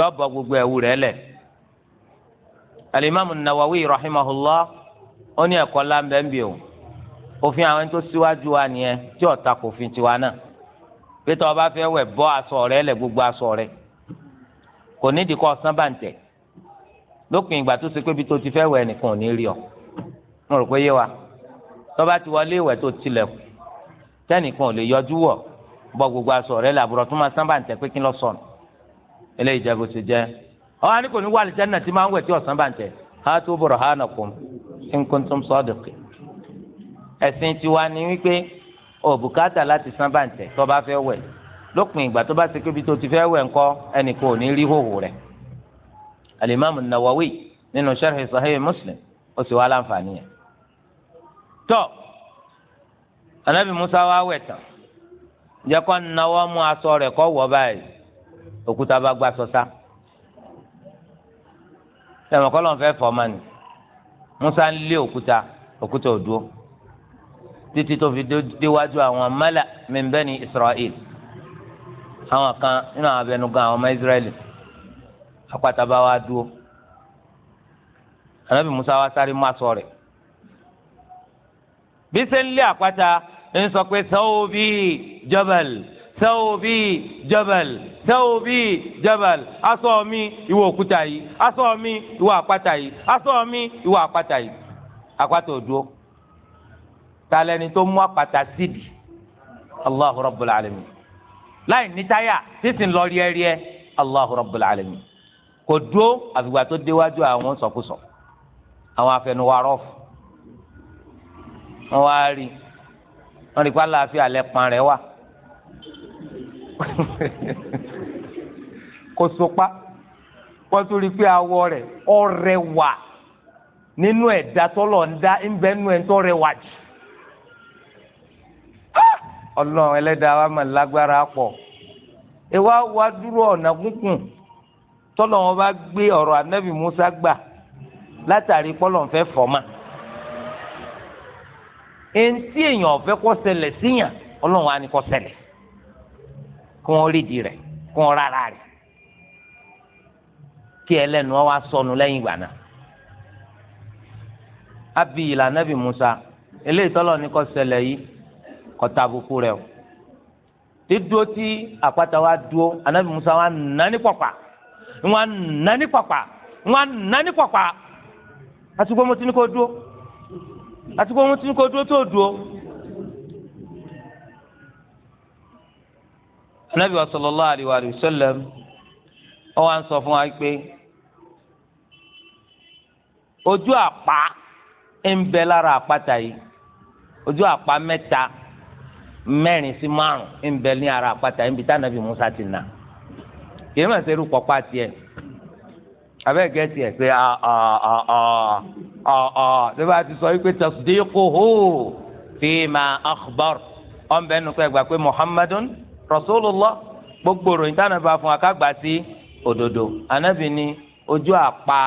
yọ bọ gbogbo ẹ̀wù rẹ lẹ alimami nawawi rahimahullah ó ní ẹ̀kọ́ lábẹ́ o òfin àwọn tó síwájú wa nìyẹn tí ọ̀tá kò fi tiwa náà pété ọba aṣọ gbogbo aṣọ kò ní lópin ìgbà tó ṣe pé ibi tó ti nìkan ò ní wa ti wọlé tó ò lè yọjú gbogbo aṣọ rẹ̀ làbúrò tó máa sán pé eléyìí jẹ́ bó ṣe jẹ́ ọ wa ni kò ní wà àlìjáná tí máa ń wẹ̀ tí ọ̀sán bá ń tẹ̀ ni wípé òbùkátà láti san bàǹtẹ̀ tó bá fẹ́ wẹ̀ lópin ìgbà tó bá ṣe tó ti fẹ́ ẹnì kò ní rí hòhò rẹ̀ alimami nawawi nínú muslim ó sì wá láǹfààní tọ́ anabi musa wa wẹ̀ tán òkúta bá gbà sọ́sá ẹ̀wọ̀n kọ́ lọ́n fẹ́ fọ́ ọmọ ni Musa ń lé òkúta òkúta ò dúró títí tó fi déwájú àwọn mala min Israel àwọn kan nínú àwọn abẹnugan àwọn ọmọ Israel. àpáta bá wá dúró Ànábì Musa wá sáré mú aṣọ rẹ̀ bí sẹ́ńlẹ̀ àpáta ń sọ pé sọ́wọ́ bíi jọ́bẹ̀lì sẹ́wọ́bì jabal sẹ́wọ́bì jabal aṣọ mi ìwọ òkúta yìí aṣọ mi ìwọ àpáta yìí aṣọ mi ìwọ àpáta yìí àpáta òdúró talẹ́ni tó mú àpáta síbi allahu rabbul alamin láì ní táyà títí ń lọ ríẹ́ríẹ́ allahu rabbul alamin kò dúró àfìgbà tó déwájú àwọn sọkúsọ àwọn afẹnuwarọ́fù wọn wá rí wọn rí pé aláàfin alẹ́ pan rẹ wà. kò sopa kó tó rí pé awọ rẹ̀ ọrẹwà nínú ẹ̀dá tọ́lọ̀ ń dá nínú ẹ̀ ń tọ́ jù ọlọ́run ẹlẹ́dàá wa máa lágbára pọ̀ ìwà wa dúró ọ̀nà gúngùn tọ́lọ̀ wọn bá gbé ọ̀rọ̀ anábì Musa gbà látàrí pọ́lọ̀ èèyàn síyàn kún orídìí rẹ, kún rárá rẹ̀ kí ẹlẹ́nu ọ wá sọnù lẹ́yìn ìgbà náà abi ìlànà bí Musa eléyìí tọ́lọ̀ ní kò yìí kò o dídúró tí àpáta wa dúró anabi Musa wa nà ní pọ̀pà nà ní pọ̀pà nà kó dúró kó dúró tó dúró. anabi wa sallallahu alayhi wa sallam ó wá ń sọ fún wa pé ojú àpá ń bẹ lára àpáta yìí ojú àpá mẹ́ta mẹ́rin sí márùn ń bẹ ní ara àpáta yìí níbi tá anabi musa ti nà kìí mà sẹ́rù pọ̀pá tiẹ̀ abẹ́ẹ̀ gẹ́tì ẹ̀ pé ọ̀ọ̀ọ̀ọ̀ọ̀ lọ́ba ti sọ wípé tasdiquhu fima akhbar ọ̀nbẹ́nu pẹ́ gbà pé muhammadun. Rasulullah gbogbo ròyìn tánàbí afún akágbà sí òdodo anábì ni ojú àpá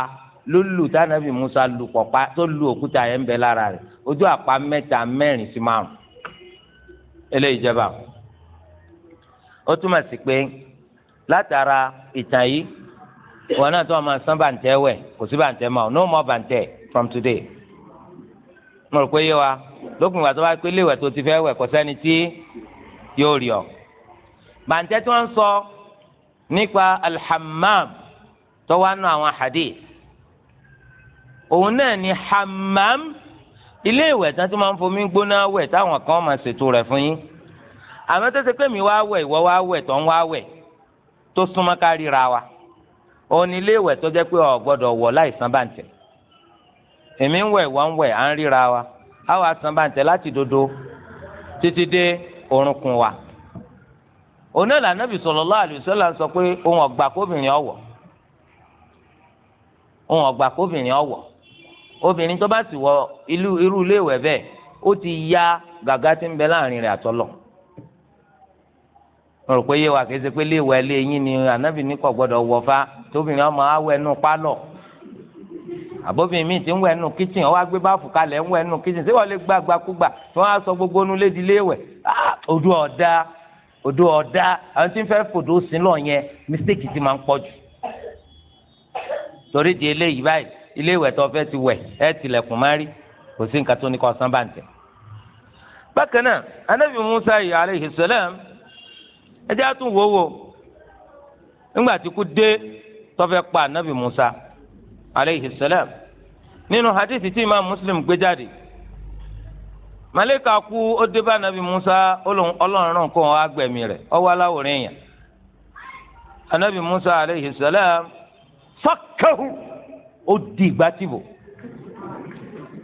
lólu tánàbí Musa lu pọ̀pá tó lu òkúta yẹn ń bẹ lára rẹ̀ ojú àpá mẹ́ta mẹ́rin sí márùn eléyìí jẹba ó túmọ̀ sí pé látara ìtàn yìí wọn náà tó wọn máa san bàǹtẹ́ wẹ̀ kò sí bàǹtẹ́ mọ́ no more bàǹtẹ́ from today mo rò pé yé wa lókùn ìgbà tó bá pé léwẹ̀ tó ti fẹ́ wẹ̀ kò sẹ́ni tí yóò rí ọ bàǹtẹ́ tí wọ́n ń sọ nípa alhammam tó wà nù àwọn hadith òun náà ni hammam ilé ìwẹ̀ tí wọ́n ti máa ń fomi gbóná wẹ̀ táwọn kan máa ṣètò rẹ̀ fún yín àmọ́ tó ṣe pé mi wá wẹ̀ ìwọ wá wẹ̀ tó ń wá wẹ̀ tó súnmọ́ ká ríra wa òun ni ilé ìwẹ̀ tó jẹ́ pé ọ̀ gbọ́dọ̀ wọ̀ láì san bàǹtẹ̀ èmi ń wẹ̀ ìwọ ń wẹ̀ à ń ríra wa á wàá san bàǹtẹ̀ láti dodo títí dé orúnkún wa oní ìlànàbì sallallahu alaihi wasallam sọ pé òun ọgbà kóbìnrin ọwọ òun ọgbà kóbìnrin ọwọ obìnrin tó bá sì wọ ìlú irú iléèwé bẹ́ẹ̀ ó ti ya gàgá tí ń bẹ láàrin rẹ̀ àtọlọ mo rò pé yé wa kìí ṣe pé iléèwé ẹlẹ́yìn ni ànábì ní kò gbọdọ̀ wọ fa tóbìnrin ọmọ awọ ẹnu pálọ̀ àbófin mi ti ń wẹ̀ nù kíchìn ọwọ́ agbé báfù kalẹ̀ ń wẹ̀ nù kíchìn síwọ́n lè gbàgbà tí wọ́n á sọ gbogbo onúlé di iléèwé ah ojú ọ̀dà odò ọda àwọn tí ń fẹ́ fòdò sílọ̀ yẹn mistake ti máa ń pọ̀ jù torí di eléyìí báyìí ilé ìwẹ̀ tó fẹ́ ti wẹ̀ ẹ́ tilẹ̀kùn má rí kò sí nǹkan tó ní kó san bá ń tẹ̀. bákan náà anábì musa yìí aleyhi salam ẹjẹ́ á tún wòówò nígbà tí kú dé tó fẹ́ pa anábì musa aleyhi salam nínú hadith tí imam muslim gbé jáde. màlẹ́kà ku ó dé bá nàbí musa ọlọ́run náà kó wọn agbẹ̀mí rẹ̀ aláwòrán èèyàn anabi musa aleyhi salam fakahu ó di ìgbà tìbò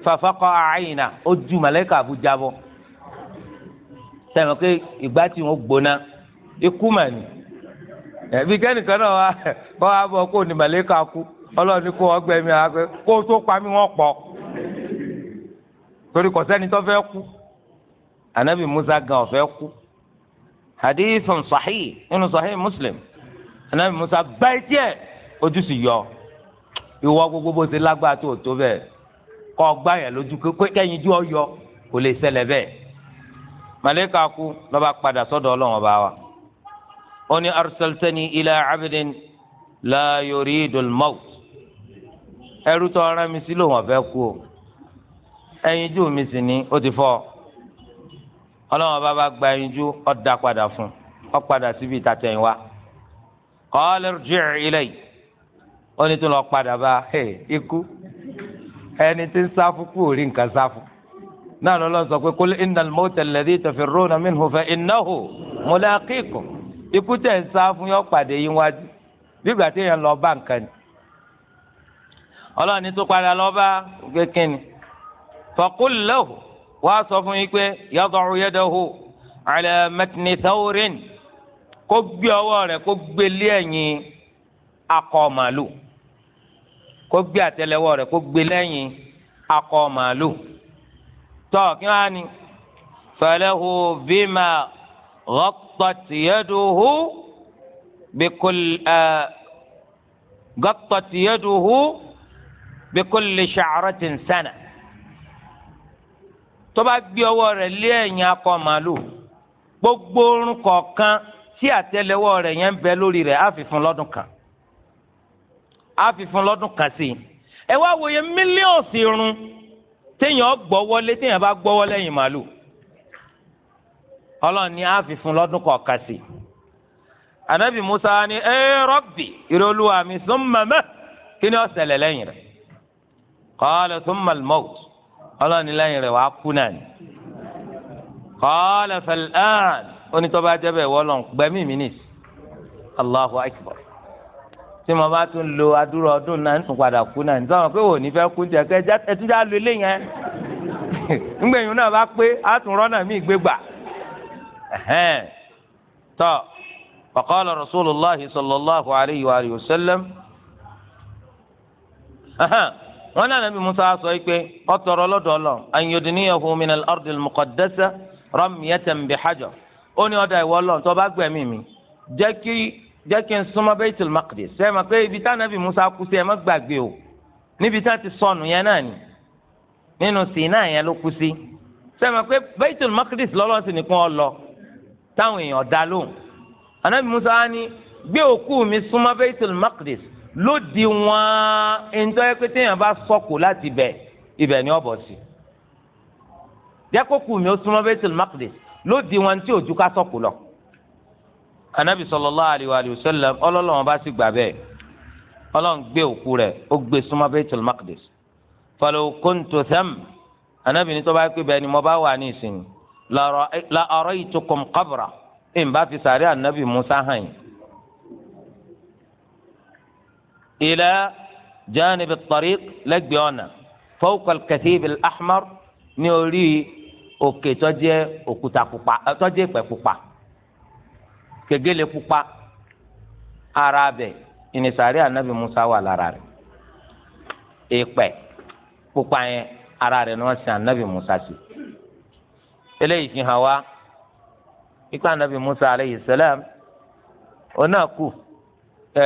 fàfakọ ó ju màlẹ́kà àbújá bọ́ sẹ́mi pé ìgbà gbóná ikú mà ní náà bọ́ bọ́ kó ní ku kó kó tó torí kò sẹ́ni tó fẹ́ kú anabi musa gan ọ̀fẹ́ kú hadithun sahih nínú sahih muslim anabi musa báyìí tiẹ̀ ojú sì yọ ìwọ gbogbo bó ti lágbára tó tó bẹ́ẹ̀ kọ́ gbá yẹn lójú kẹ́yìn jú ọ yọ kò lè ṣẹlẹ̀ bẹ́ẹ̀ màlẹ́kà kú lọ́ba padà sọ́dọ̀ ọlọ́wọ́n bá wa ó ní arsaltani ila abidin la yuridul maut ẹrú tó ọ̀ràn mi sí lòun ọ̀fẹ́ kú o. ẹyinjú mi sì ni ó ti fọ́ ọlọ́wọ́n bá bá gba ọ̀dà padà fún ọ padà síbi wa kọ́ọ́lẹ́ jẹ́ ilé yìí ó ní tó lọ padà bá ikú ẹni tí ń sáfù kú ò rí nǹkan sáfù náà lọ́lọ́ sọ pé kul innal mawta alladhi tafirruna minhu fa innahu mulaqikum ikú tẹ̀ ń yọ yín wájú tí lọ bá nǹkan ni tó padà lọ bá فقل له واصف يضع يده على متن ثور قب يوار قب لين أقاملو قب يتلوار قب لين أقاملو تاكياني فله بما غطت يده بكل آه غطت يده بكل شعرة سنة tó bá gbé ọwọ́ rẹ̀ lé ẹ̀yìn akọ màálù gbogbo orun kọ̀ọ̀kan tí àtẹ́lẹwọ́ rẹ̀ yẹn ń bẹ lórí rẹ̀ á fi fún lọ́dún kan á fi fún lọ́dún kan sí i ẹ wá wòye mílíọ̀nsì irun téèyàn gbọ́ wọlé téèyàn bá gbọ́ wọlé ẹ̀yìn màálù ọlọ́run ni á fi fún lọ́dún kọ̀ọ̀kan sí i anabi musa ni ee rọbì ìrọlùwàmí sọmọmọ kí ni ó ṣẹlẹ̀ lẹ́yìn rẹ̀ kọ́ọ́lẹ̀ sọmọlmọ́ọ̀tù ọlọ́ọ̀ni lẹ́yìn rẹ̀ wàá kú náà ni. kọ́ọ̀lẹ̀ fẹ̀lẹ́n onítọ́ba jẹ́bẹ̀ wọ́lọ̀ gbẹ́mí mi nì Allahu akbar tí mo bá tún lo adúrò ọdún náà tún padà kú náà ní sọ́wọ́n pé wò ní fẹ́ kú jẹ́ kẹ́ ẹtú já lo eléyìí yẹn ńgbẹ̀yìn náà bá pé àtúnrọ́ náà mí gbégbà tọ́ فقال رسول الله صلى الله عليه وسلم أها wọn náà nàbí musa sọ pé ọtọrọ lọ́dọ̀ Ọlọ́run anyodiniyahu minal ardil muqaddasa ramiyatan bihajar ó ní ọdọ ìwọ Ọlọ́run tó bá gbẹ̀mí mi jẹ́ kí jẹ́ kí n súnmọ́ baitul maqdis ṣe é ma pé ibi tá nàbí musa kú sí ẹ má gbàgbé o níbi tá ti sọnù yẹn náà ni nínú Sínà yẹn ló kú sí ṣe ma pé baitul maqdis lọ́lọ́sìn nìkan ọ táwọn èèyàn dá lóhùn anabi musa á gbé òkú mi súnmọ́ baitul maqdis lódì wọn ẹnjọ yẹ pé téèyàn bá sọkò láti bẹ ibẹ̀ ni ọbọ sí jẹkọkù mi ó súnmọ́ Baitul Maqdis lódì wọn tí òjú ká sọkò lọ anabi sallallahu alayhi wa sallam ọlọlọrun bá sì gbà bẹ́ẹ̀ Ọlọ́run gbé òkú rẹ̀ ó gbé súnmọ́ Baitul Maqdis falaw kuntu tham anabi ní tó bá pé bẹ́ẹ̀ ni mo bá wà ní ìsìn la araytukum qabra ẹ n bá fi sàárẹ anabi Musa hàn yìí. إلى جانب الطريق لجبيونا فوق الكثيب الأحمر نوري أوكي توجي أوكوتا كوبا توجي كوبا كجيل كوبا أرابي إن ساري النبي موسى ولا راري إيكبي كوبا ara rẹ̀ ni wọ́n sin anabi musa sí eléyìí fi hàn wá ikú anabi musa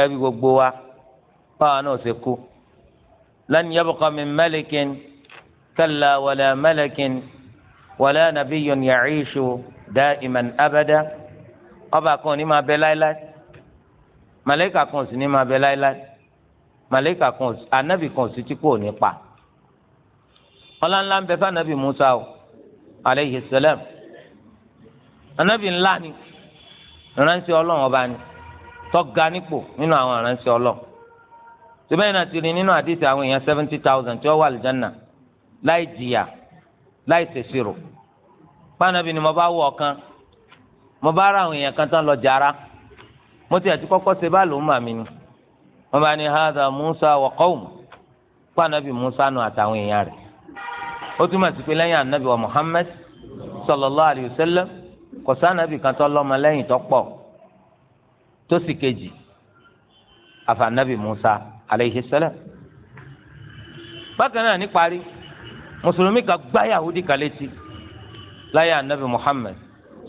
gbogbo wa báwa náà ṣe kú lan yabqa min malikin kalla wala malikin wala nabiyyun ya'ishu da'iman abada ọba kan ní máa bẹ láéláé màlẹ́kà kan sì ní máa bẹ láéláé màlẹ́kà kan ànábì kan sì ti kú òní pa ọláńlá ń bẹ fànábì Musa o aleyhi salam ànábì ńlá ni ránṣẹ́ Ọlọ́run ọba ni tó nípò nínú àwọn ránṣẹ́ Ọlọ́run síbẹ̀ náà ti rí nínú àdìsí àwọn èèyàn seventy thousand tí wọ́n wà lìjánà láì jìyà láì ṣèṣirò pàànàbí ni mo bá wọ ọ̀kan mo bá ra àwọn èèyàn kan tán lọ jàrá mo ti àti kọ́kọ́ ṣe bá lòún mà mí ni wọ́n bá ní hadha Musa wa qawm pàànàbí Musa nù àtàwọn èèyàn rẹ̀ ó túmọ̀ sí pé lẹ́yìn ànábì wa Muhammad sallallahu alayhi wa sallam kò sànàbì kan tó lọ́mọ lẹ́yìn tó pọ̀ tó sì kejì àfànàbì Musa aleyhi sẹlẹ bákan náà ní parí mùsùlùmí kan gbá yahudi kan létí láyé anabi muhammed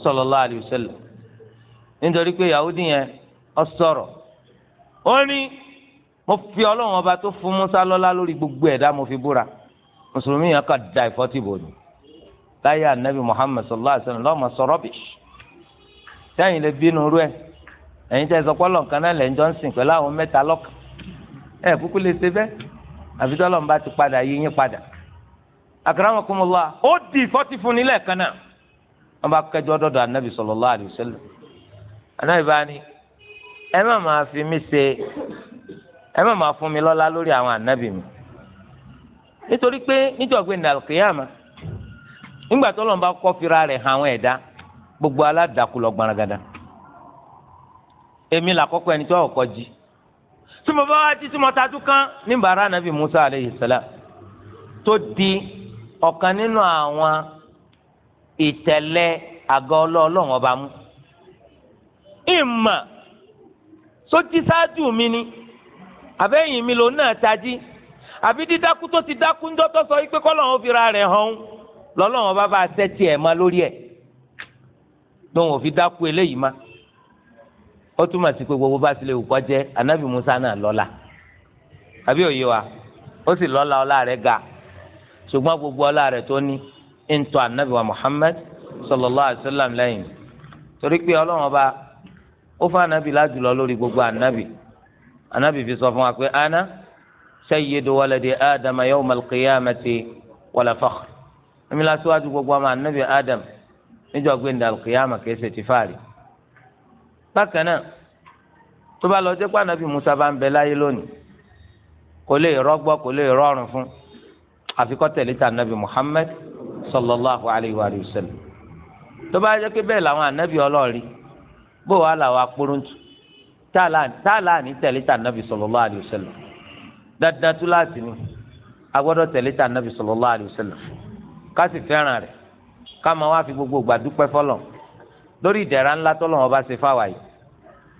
sallallahu alayhi wa sallam nítorí pé yahudi yẹn ó sọ̀rọ̀ ó ní mo fi ọlọ́run ọba tó fún musa lọ́lá lórí gbogbo ẹ̀dá mo fi búra mùsùlùmí yẹn kan da ìfọ́tí bò ní láyé anabi muhammed sallallahu alayhi wa sallam lọ́mọ sọ rọ́bìṣì sẹ́yìn lè bínú rú ẹ̀ ẹ̀yin tẹ́ sọ pé ọlọ́run náà lẹ́yìn jọ pẹ̀lú àwọn mẹ́ta lọ́kàn ẹ eh, kúkú lè ṣe bẹ́ẹ̀ àfi tí ọlọ́run bá ti padà yí yín padà akramakumullah ó di ìfọ́tí fún nílẹ̀ kan náà wọ́n bá kẹjọ dọ́dọ̀ anabi sọlọ lọ wasallam ẹ má máa fi mí ṣe ẹ má máa fún mi lórí àwọn anabi mi nítorí pé níjọ̀gbé nàlùkìyàmà nígbà tó lọ́nba kọ́ fira rẹ̀ hàn àwọn ẹ̀dá gbogbo aládàkulọ̀ gbaragada èmi làkọ́kọ́ ẹni jí tí mo bá wá títí mo ta tún kán ní bàrà nàbì Musa aleyhi salam tó di ọ̀kan nínú àwọn ìtẹ̀lẹ̀ àgọ́ ọlọ́ọ̀lọ́wọ́n ọba mú. ìmọ̀ sótí sáájú mi ni àbẹ́yìn mi lòun náà tají àbí dídákú tó ti dákú ń dọ́tọ́ sọ wípé kọ́lọ́hún fi ra rẹ̀ hàn lọ́lọ́wọ́n bá bá a sẹ́tì ẹ̀ mọ́ lórí ẹ̀ lóun ò fi dákú eléyìí má ó túmọ̀ sí pé gbogbo bá tilẹ̀ wù kọ́jẹ́ anabi musa náà lọ́la àbí òye wa ó sì lọ́la ọlá rẹ̀ ga ṣùgbọ́n gbogbo ọlá rẹ̀ tó ní ń tọ́ anabi wa muhammad sallallahu alayhi wa sallam lẹ́yìn torí pé ọlọ́run ọba ó fún anabi lájùlọ lórí gbogbo anabi anabi fi sọ fún wa pé ana sayyidu waladi adama yawma alqiyamati wala fakhr èmi la síwájú gbogbo ọmọ anabi adam níjọ́ gbẹ̀ndà alqiyama kìí ṣe ti bákan náà tó bá lọ jẹ́ ànábì Musa bá ń bẹ láyé lónìí kò lè rọgbọ kò lè rọrùn fún sallallahu alayhi wa sallam tó bá jẹ́ pé bẹ́ẹ̀ làwọn ànábì ọlọ́ọ̀rí bó wàá làwọn akpọ́rọ̀ǹtù táàlà ní tẹ̀lé ànábì sallallahu alayhi wa sallam dandan tó láti ní agbọ́dọ̀ tẹ̀lé sallallahu alayhi wa sallam ká fẹ́ràn rẹ̀ ká máa fi gbogbo gbàdúpẹ́ lórí ìdẹ̀ra ńlá tọ́lọ́wọ́n bá ṣe fáwa yìí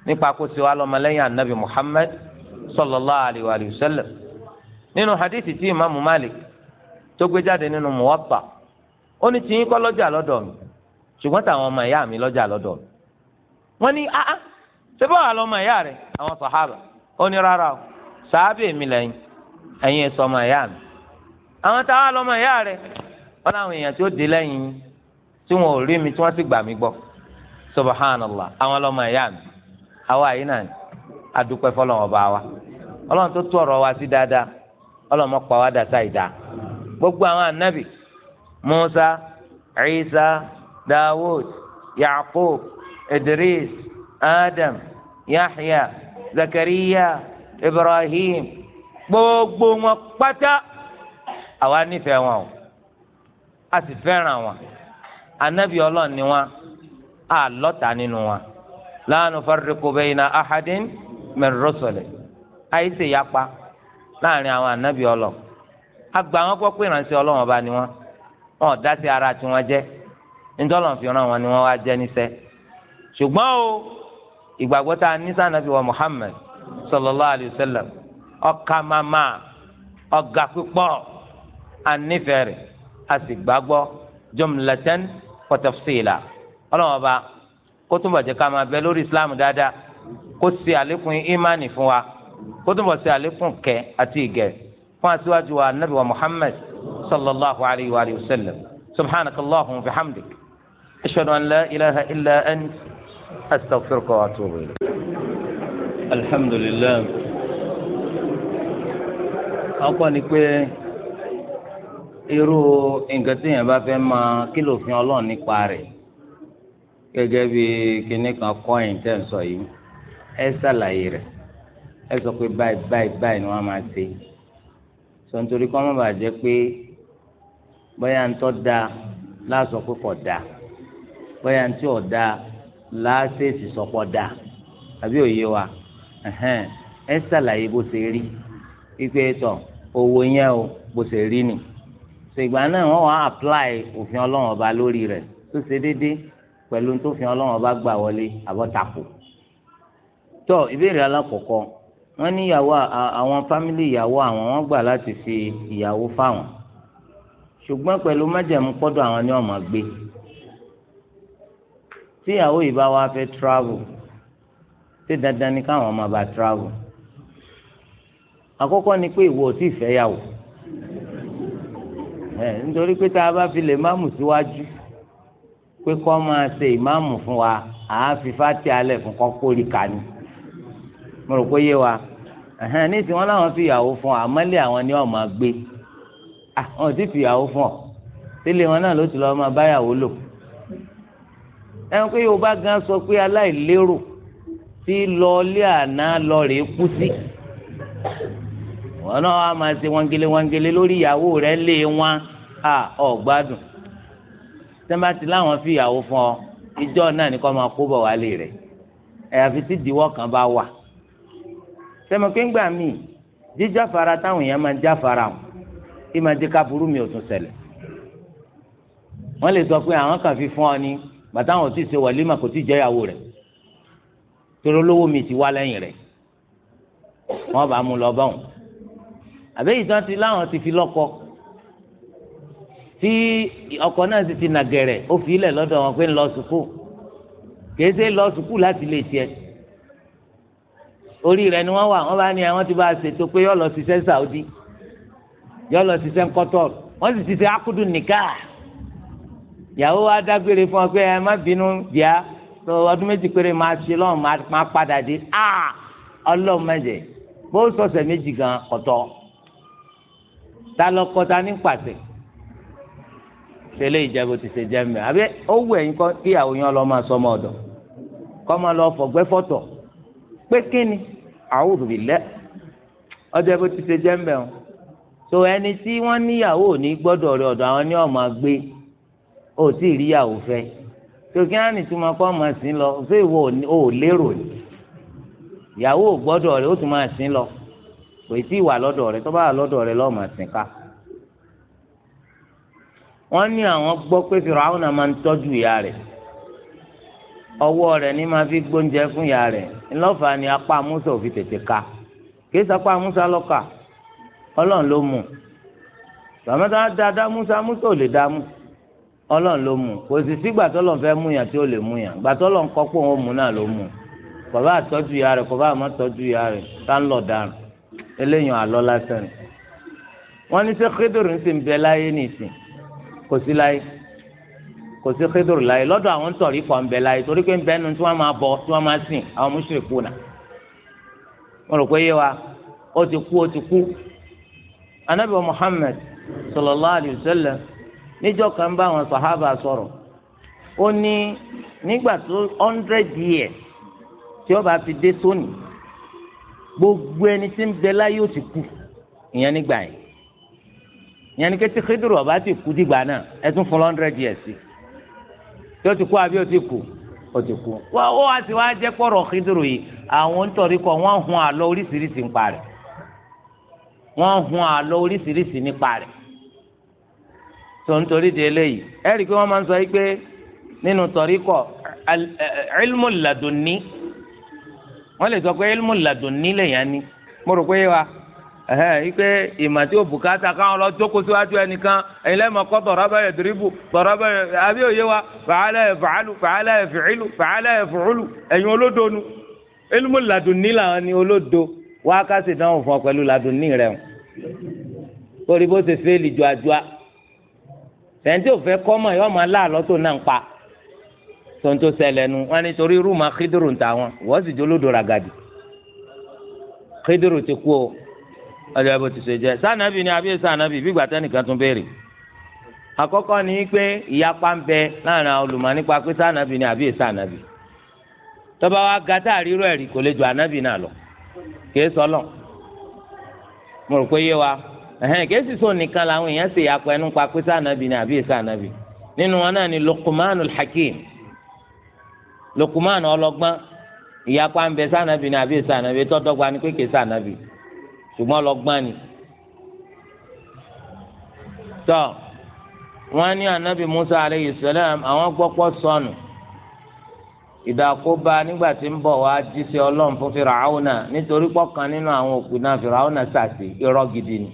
nípa kó ṣe wa lọ́mọlẹ́yìn anabi muhammed sallallahu alayhi wa sallam nínú hadithi tí imaamu malik tó gbé jáde nínú muwatta ó ní tiyín kọ́ lọ́jà lọ́dọ̀ mi ṣùgbọ́n táwọn ọmọ ìyá mi lọ́jà lọ́dọ̀ mi wọ́n ní ah ah ṣé báwo àlọ́ ọmọ ìyá rẹ̀ àwọn sàhábà ó ní rárá o sàábì mi lẹ́yìn ẹ̀yin ẹ̀sọ́ ọmọ ìyá mi àwọn táwa lọ́mọ ìyá rẹ̀ wọ́n láwọn èèyàn tí ó dé lẹ́yìn tí wọn ò rí mi tí wọ́n sì gbà mí gbọ́ subhanallah àwọn ọlọ́mọ ẹ̀yà mi àwa yìí náà adúpẹ́ fọlọ́wọ́n bá wa ọlọ́run tó tú ọ̀rọ̀ wa sí dáadáa ọlọ́run gbogbo àwọn Anabi. musa isa dawud yaqub idris adam yahya zakariya ibrahim gbogbo wọn pátá àwa nífẹ̀ẹ́ wọn o a sì fẹ́ràn wọn ọlọ́run ni wọn. àlọ́ta nínú wa la nufarriqu bayna ahadin min rusuli àìsè yapa láàrin àwọn ànábì ọlọ àgbà wọn gbọ́ pé ìránṣẹ́ Ọlọ́run ọba ni wọn wọn ò dá sí ara tí wọn jẹ́ nítorí fi ràn wọn ni wọn wá jẹ́ níṣẹ́ ṣùgbọ́n o ìgbàgbọ́ tá a ní sànàbí wa Muhammad sallallahu alayhi wa sallam ọkà màmá ọgà pípọ̀ ànífẹ̀ẹ́ rẹ̀ gbàgbọ́ jumlatan wa ọlọ́run ọba kó túnbọ̀ jẹ́ ká máa bẹ lórí islam dáadáa kó ṣe àlékún ìmánì fún wa kó túnbọ̀ ṣe àlékún kẹ àti ìgẹ̀ fún aṣíwájú wa nabi wa muhammad sallallahu alayhi wa sallam subhanak allahumma wa bihamdik ashhadu an la ilaha illa an. astaghfiruka wa atubu ilayk. alhamdulilayi ọkọ ni pé irú nǹkan tí yẹn bá fẹ́ máa kí lófin ọlọ́run nípa rẹ̀ gẹ́gẹ́ bí kinní kan kọ́ìn tẹ̀ ń sọ yìí ẹ ṣàlàyé rẹ̀ ẹ sọ pé báyìí báyìí báyìí ni wọ́n máa ṣe sọ nítorí kọ́ mọ́ bàjẹ́ pé bóyá ń tọ́ da láàsọ pé kò da bóyá ń tí ò da láàṣẹ̀sì sọpọ̀ da àbí òye wa ẹ ṣàlàyé bó ṣe rí ipe tọ owó yẹn o bó ṣe rí ni ṣùgbọ́n náà wọ́n wá apply òfin ọlọ́run ọba lórí rẹ̀ tó ṣe déédéé pẹ̀lú tó fi ọlọ́run ọba gbà wọlé àbọ̀tàkù. tó ìbéèrè alákọ̀ọ́kọ́ wọ́n ní ìyàwó àwọn fámìlì ìyàwó àwọn wọ́n gbà láti fi ìyàwó fáwọn ṣùgbọ́n pẹ̀lú májẹ̀mú pọ́dọ̀ àwọn ni wọ́n máa gbé tí ìyàwó yìí bá wá fẹ́ travel ṣé dandan ni káwọn máa bá travel àkọ́kọ́ ni pé ìwọ tí ì fẹ́ yàwó ẹ̀ nítorí pé tá a bá fi lè má mú síwájú. Si pé kọ́ máa ṣe ìmáàmù fún wa àá fi fati alẹ̀ fún kọ́ kórì ká ni mo rò pé yé wa ní ìsìn wọn láwọn fi ìyàwó fún ọ àmọ́lé àwọn ni wọ́n máa gbé àwọn ò ti fi ìyàwó fún ọ tẹ́lẹ̀ wọn náà ló ti lọ́ọ́ máa báyàwó lò ẹn pé yorùbá gan sọ pé aláìlérò tí lọlé àná lọ kú sí wọn náà wàá máa ṣe wọngele wọngele lórí ìyàwó rẹ̀ lé wọn a sẹ́ńbà tí láwọn fi ìyàwó fún ọ ìjọ náà ní kọ́ máa kó bọ̀ wálé rẹ̀ àyàfi tí ìdíwọ́ kan bá wà sẹ́mi pé ńgbà míì jíjáfara táwọn èèyàn máa ń jáfara wọn kí máa jẹ́ ká burú mi ò tún ṣẹlẹ̀ wọ́n lè sọ pé àwọn kan fi fún ọ ní bàtà àwọn ò tí ì ṣe wàlímà kò tí ì jẹ́yàwó rẹ̀ torí olówó mi ti wá lẹ́yìn rẹ̀ wọ́n bá mú lọ bá wọn àbẹ́yìí tí ti láwọn ti fi lọ́kọ tí ọkọ náà sì ti nà gẹ̀rẹ̀ ó fi ilẹ̀ lọ́dọ̀ wọn pé ń lọ sùkúù kìí ṣe lọ sùkúù láti lè tiẹ̀ orí rẹ̀ ni wọ́n wà wọ́n bá ní àwọn ti bá a ṣètò pé yọ lọ ṣiṣẹ́ Saudi yọ lọ ṣiṣẹ́ kọ́tọ́ọ̀lù wọ́n sì ti ṣe akudu nìkà ìyàwó wa dágbére fún ọ pé ẹ má bínú bíá ọdún méjì péré máa ṣe lọ́run máa padà dé ọlọ́run mẹ́jẹ bó sọ̀sẹ̀ méjì gan ọ̀tọ̀ ta lọ kọta ní pàṣẹ. tẹ́lẹ̀ ìjẹ́bù ti ṣe o mẹ́ àbí owó ẹ̀yìn kọ́ kí àwọn èèyàn máa sọmọ máa lọ fọ̀gbẹ́ fọ̀tọ̀ pé ti ṣe o tó ẹni tí wọ́n níyàwó ò ní gbọ́dọ̀ rẹ ọ̀dọ̀ àwọn ní gbé ò tí ì ríyàwó fẹ́ tó kí wọ́n nìtú máa kọ máa sìn lọ fún ìwọ ò lérò ni ìyàwó ò gbọ́dọ̀ rẹ ó tún máa sìn lọ kò tí ì wà lọdọ rẹ tó bá wà wọ́n ní àwọn gbọ́ pé fìràwọn náà máa ń tọ́jú ìyá rẹ̀ ọwọ́ rẹ̀ ní máa fi gbóúnjẹ fún ìyá rẹ̀ ńlọ́fà ni apá amúsà òfin tètè ka kìí sapá amúsà lọ́kà ọlọ́run ló mú bàmọ́tà dáadáa amúsà amúsà ò lè dá mú ọlọ́run ló mú kò sì sí gbàtọ́lọ̀ fẹ́ mú yàn tí ó lè mú yàn gbàtọ́lọ̀ ń kọ́ pé òun mú náà ló mú kò bá àtọ́jú ìyá rẹ̀ kò bá àmọ́ ìyá rẹ̀ tá ń eléyàn àlọ́ lásán wọ́n ní sẹ́kẹ́dọ̀rù ń sì bẹ láyé nìsín kò sí láyé kò sí xidúrú láyé lọ́dọ̀ àwọn tọ̀rí kọ̀ ń bẹ láyé torí pé ń bẹ́ẹ̀ nu tí wọ́n máa bọ̀ tí wọ́n máa sìn àwọn mùsùlùkù nà mo rò pé yé wa ó ti kú ó ti kú anabi muhammed sallallahu alayhi wa sallam níjọ́ kan bá àwọn sàhábà sọ̀rọ̀ ó ní nígbà tó hundred years tí ó bá fi dé sóni gbogbo ẹni tí ń bẹ láyé ó ti kú ìyẹn nígbà yẹn ìyẹn ni kété Khidru ọba ti kú dìgbà náà ẹ tún fún hundred years sí tí ó ti kú àbí ó ti kú ó ti kú wá ó wá sí wá jẹ́ pọ̀rọ̀ Khidru yìí àwọn nítorí kọ wọ́n hun àlọ́ oríṣiríṣi nípa rẹ̀ wọ́n hun àlọ́ oríṣiríṣi nípa rẹ̀ tó nítorí di eléyìí ẹ rí i pé wọ́n máa ń sọ yìí pé nínú tọ̀rí kọ ilmu ladunni wọ́n lè sọ pé ilmu ladunni lèyàn ni mo rò pé wa ẹhẹn ipe ìmọ̀ tí o bùkátà káwọn lọ jókòó síwájú ẹnìkan ẹ̀yin lẹ́mọ̀ kọ́ bọ̀rọ̀bà yẹ dìrìbù bọ̀rọ̀bà yẹ àbí òye wa fàálẹ̀ yẹ fàálù fàálẹ̀ yẹ fìcílù fàálẹ̀ yẹ fùcúlù ẹ̀yin olódonu elimu ladunni làwọn ni olódo wá kásì dáhùn fún ọ pẹ̀lú ladunni rẹ o torí bó ṣe fẹ́ lì juajua fẹ̀ǹtì òfẹ́ kọ́mọ̀ yọ ọmọ aláàlọ́ tó náà ń pa tontó ọjọ́ bó ti ṣe jẹ́ sànàbì ni àbí sànàbì bí gbàtẹ́ nìkan tún béèrè àkọ́kọ́ ni pé ìyapa ń bẹ láàrin àwọn olùmọ̀ nípa pé sànàbì ni àbí sànàbì tọ́ba wa kò lè ju ànàbì náà lọ wa sọ nìkan làwọn èèyàn ṣe ìyapa ẹnu pa pé sànàbì ni nínú wọn náà ni Hakim ìyapa ń bẹ sànàbì ni ṣùgbọ́n lọ́gbọ́n ni. tọ́ wọ́n ní anabi musa aleyhi salam àwọn gbọ́pọ̀ sọnù ìdàkóbá nígbà tí ń bọ̀ wá jíṣẹ́ ọlọ́run fún fìràwọ́nà nítorí pọ̀kan nínú àwọn òkú náà fìràwọ́nà sàṣì irọ́ gidi ni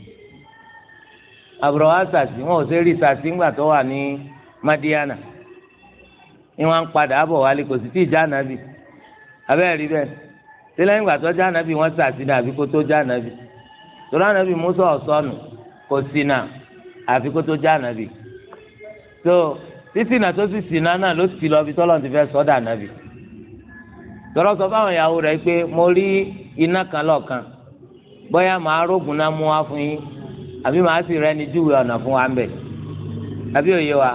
àbúrò sàṣì wọn ò rí sàṣì tó wà ní madiana ni wọn padà bọ̀ wálé kò sì tí já rí bẹ́ẹ̀ sílẹ̀ torí ànábì Musa ọ̀sọ́nù kò ṣìnà àfi kó tó já ànábì tó sísìnà tó sì ṣìnà náà ló sì lọ bí tọ́lọ́ ti fẹ́ sọ́dọ̀ ànábì tọ́lọ́ sọ fáwọn ìyàwó rẹ̀ pé mo rí iná kan lọ́ọ̀kan bóyá màá rógùn náà mú wá fún yín àbí màá sì rẹ́ni júwe ọ̀nà fún wa ń bẹ̀ àbí òye wa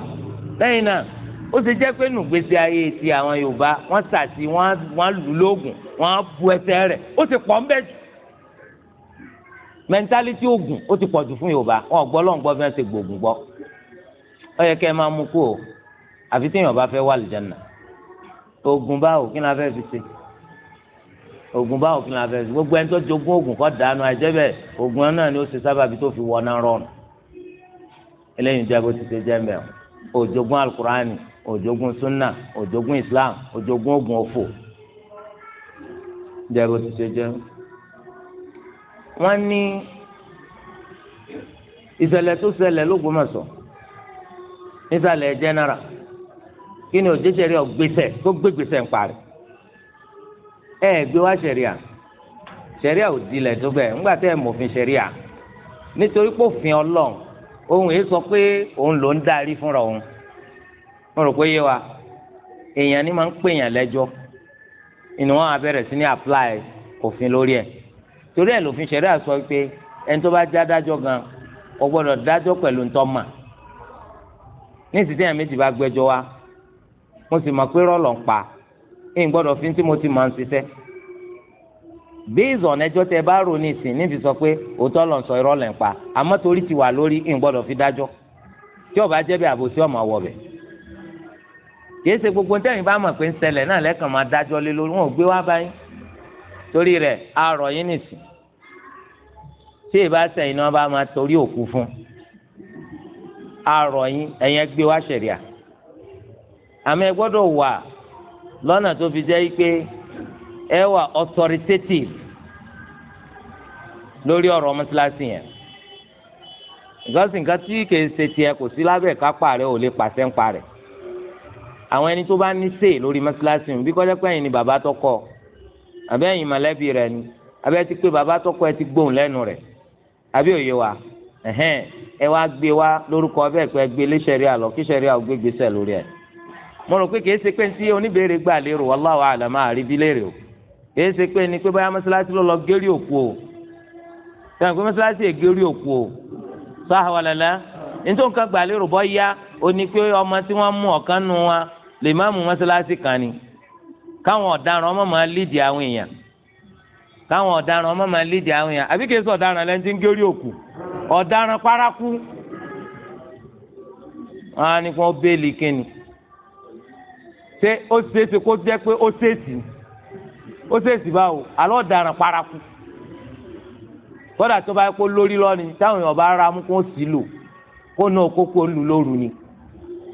lẹ́yìn náà ó ti jẹ́ pé nùgbésí ayé ti àwọn Yorùbá wọ́n sàtì wọ́n lù lóògùn wọ́n bu ẹsẹ̀ rẹ̀ ó ti pọ̀ ń bẹ̀ jù mẹntálítì ogun ó ti pọ̀jù fún yorùbá wọn gbọ́ lọ́n gbọ́ fẹ́ẹ́ ṣe gbòògùn gbọ́ ó yẹ kẹ́ ẹ máa mú kú o àfi téèyàn bá fẹ́ wà lìjánà ogun báwo kí ni a fẹ́ fi ṣe ogun báwo kí ni a fẹ́ fi ṣe gbogbo ẹni tó jogún ogun kọ́ dànù àìjẹ́ bẹ́ẹ̀ ogun náà ni ó ṣe sábàbí tó fi wọná rọrùn eléyìí jẹ́ bó ti ṣe jẹ́ mẹ́rin òjogún alukurani òjogún sunna òjogún islam òjogún ogun òfò jẹ́ bó ti ṣe jẹ́ mẹ́rin. wọ́n ní ìṣẹ̀lẹ̀ tó ṣẹlẹ̀ lÓgbómọ̀ṣọ́ nísàlẹ̀ jẹ́nẹ́rà kí ni òjèjèrè ọ̀gbẹ́sẹ̀ tó ń parí ẹ gbé wá ṣẹ̀ríà ṣẹ̀ríà ò dilẹ̀ tó bẹ̀ ńgbà tẹ́ ẹ̀ mọ̀fin ṣẹ̀ríà nítorí pé òfin ọlọ́run sọ pé òun ló ń darí fúnra òun mo rò pé yé wa èèyàn ni máa ń lẹ́jọ́ ìnáwó abẹ́rẹ́ sí torí ẹ̀ lòfin ṣẹ̀rí àsọ pé ẹni tó bá já dájọ́ gan ó gbọ́dọ̀ dájọ́ pẹ̀lú ntọ́mà ní ìsìtẹ́ yẹn méjì bá gbẹ́jọ́ wa mo sì mọ̀ pé rọ́ọ̀lọ̀ ń pa ẹ̀ ń gbọ́dọ̀ fi tí mo ti máa ń ṣiṣẹ́ bíìsì ọ̀nà ẹjọ́ tẹ bá rò ní ìsìn níbi sọ pé òótọ́ lọ́n sọ irọ́ lẹ̀ àmọ́ torí ti wà lórí ń gbọ́dọ̀ fi dájọ́ tí ó jẹ́ bí àbòsí ọmọ wọ̀ bẹ̀. kìí ṣe gbogbo tẹ́yìn bá mọ̀ pé ń ṣẹlẹ̀ náà lẹ́kàn máa dájọ́ lé lórí wọn ò gbé wá báyìí torí rẹ̀ arọ̀ yín nìsín tí ì bá sẹ́yìn náà bá máa torí òkú fún arọ̀ yín ẹ̀yẹn gbé wá ṣẹ̀ríà àmọ́ ẹ gbọ́dọ̀ wà lọ́nà tó fi jẹ́ pé ẹ wà authoritative lórí ọ̀rọ̀ mọ́sálásí yẹn ìgbọ́sí nǹkan tí kìí ṣe tiẹ̀ kò sí lábẹ́ ìkápá rẹ̀ ò lè pàṣẹ ń parẹ̀ àwọn ẹni tó bá ní sè lórí mọ́sálásí yẹn bí kọ́jọ́ pé ẹ̀yin ni bàbá tó kọ́ àbí ẹ̀yin mọ̀lẹ́bí rẹ ni àbí ẹ ti pé bàbá tọkọ ẹ ti gbóhùn lẹ́nu rẹ̀ àbí wa ẹ̀hẹ́n ẹ wá gbé wa lórúkọ ọbẹ̀ pé gbé lé ṣẹ̀ríà lọ kí mo rò pé kìí ṣe pé ti oníbèrè gbà lérò wallahu a'lam àríbí lérè o kìí ṣe pé ni pé báyà ló lọ gérí òkú o pé è gérí òkú o ọmọ tí wọ́n mú ọ̀kan lè káwọn ọ̀daràn ọmọ máa lédè àwọn èèyàn káwọn ọ̀daràn ọmọ máa lédè àwọn èèyàn àbí kìí sọ ọ̀daràn lẹ́ni tí ń gérí òkú ọ̀daràn paraku wọn á ní kí wọ́n béèlì kíni ṣé ó ṣeéṣe kó jẹ́ pé ó ṣèèṣì ó ṣèèṣì báwo àlọ́ ọ̀daràn paraku kódà tó bá yẹ kó lórí lọ́ni táwọn èèyàn bá ra mú kó sì lò kó náà kókó lù lóru ni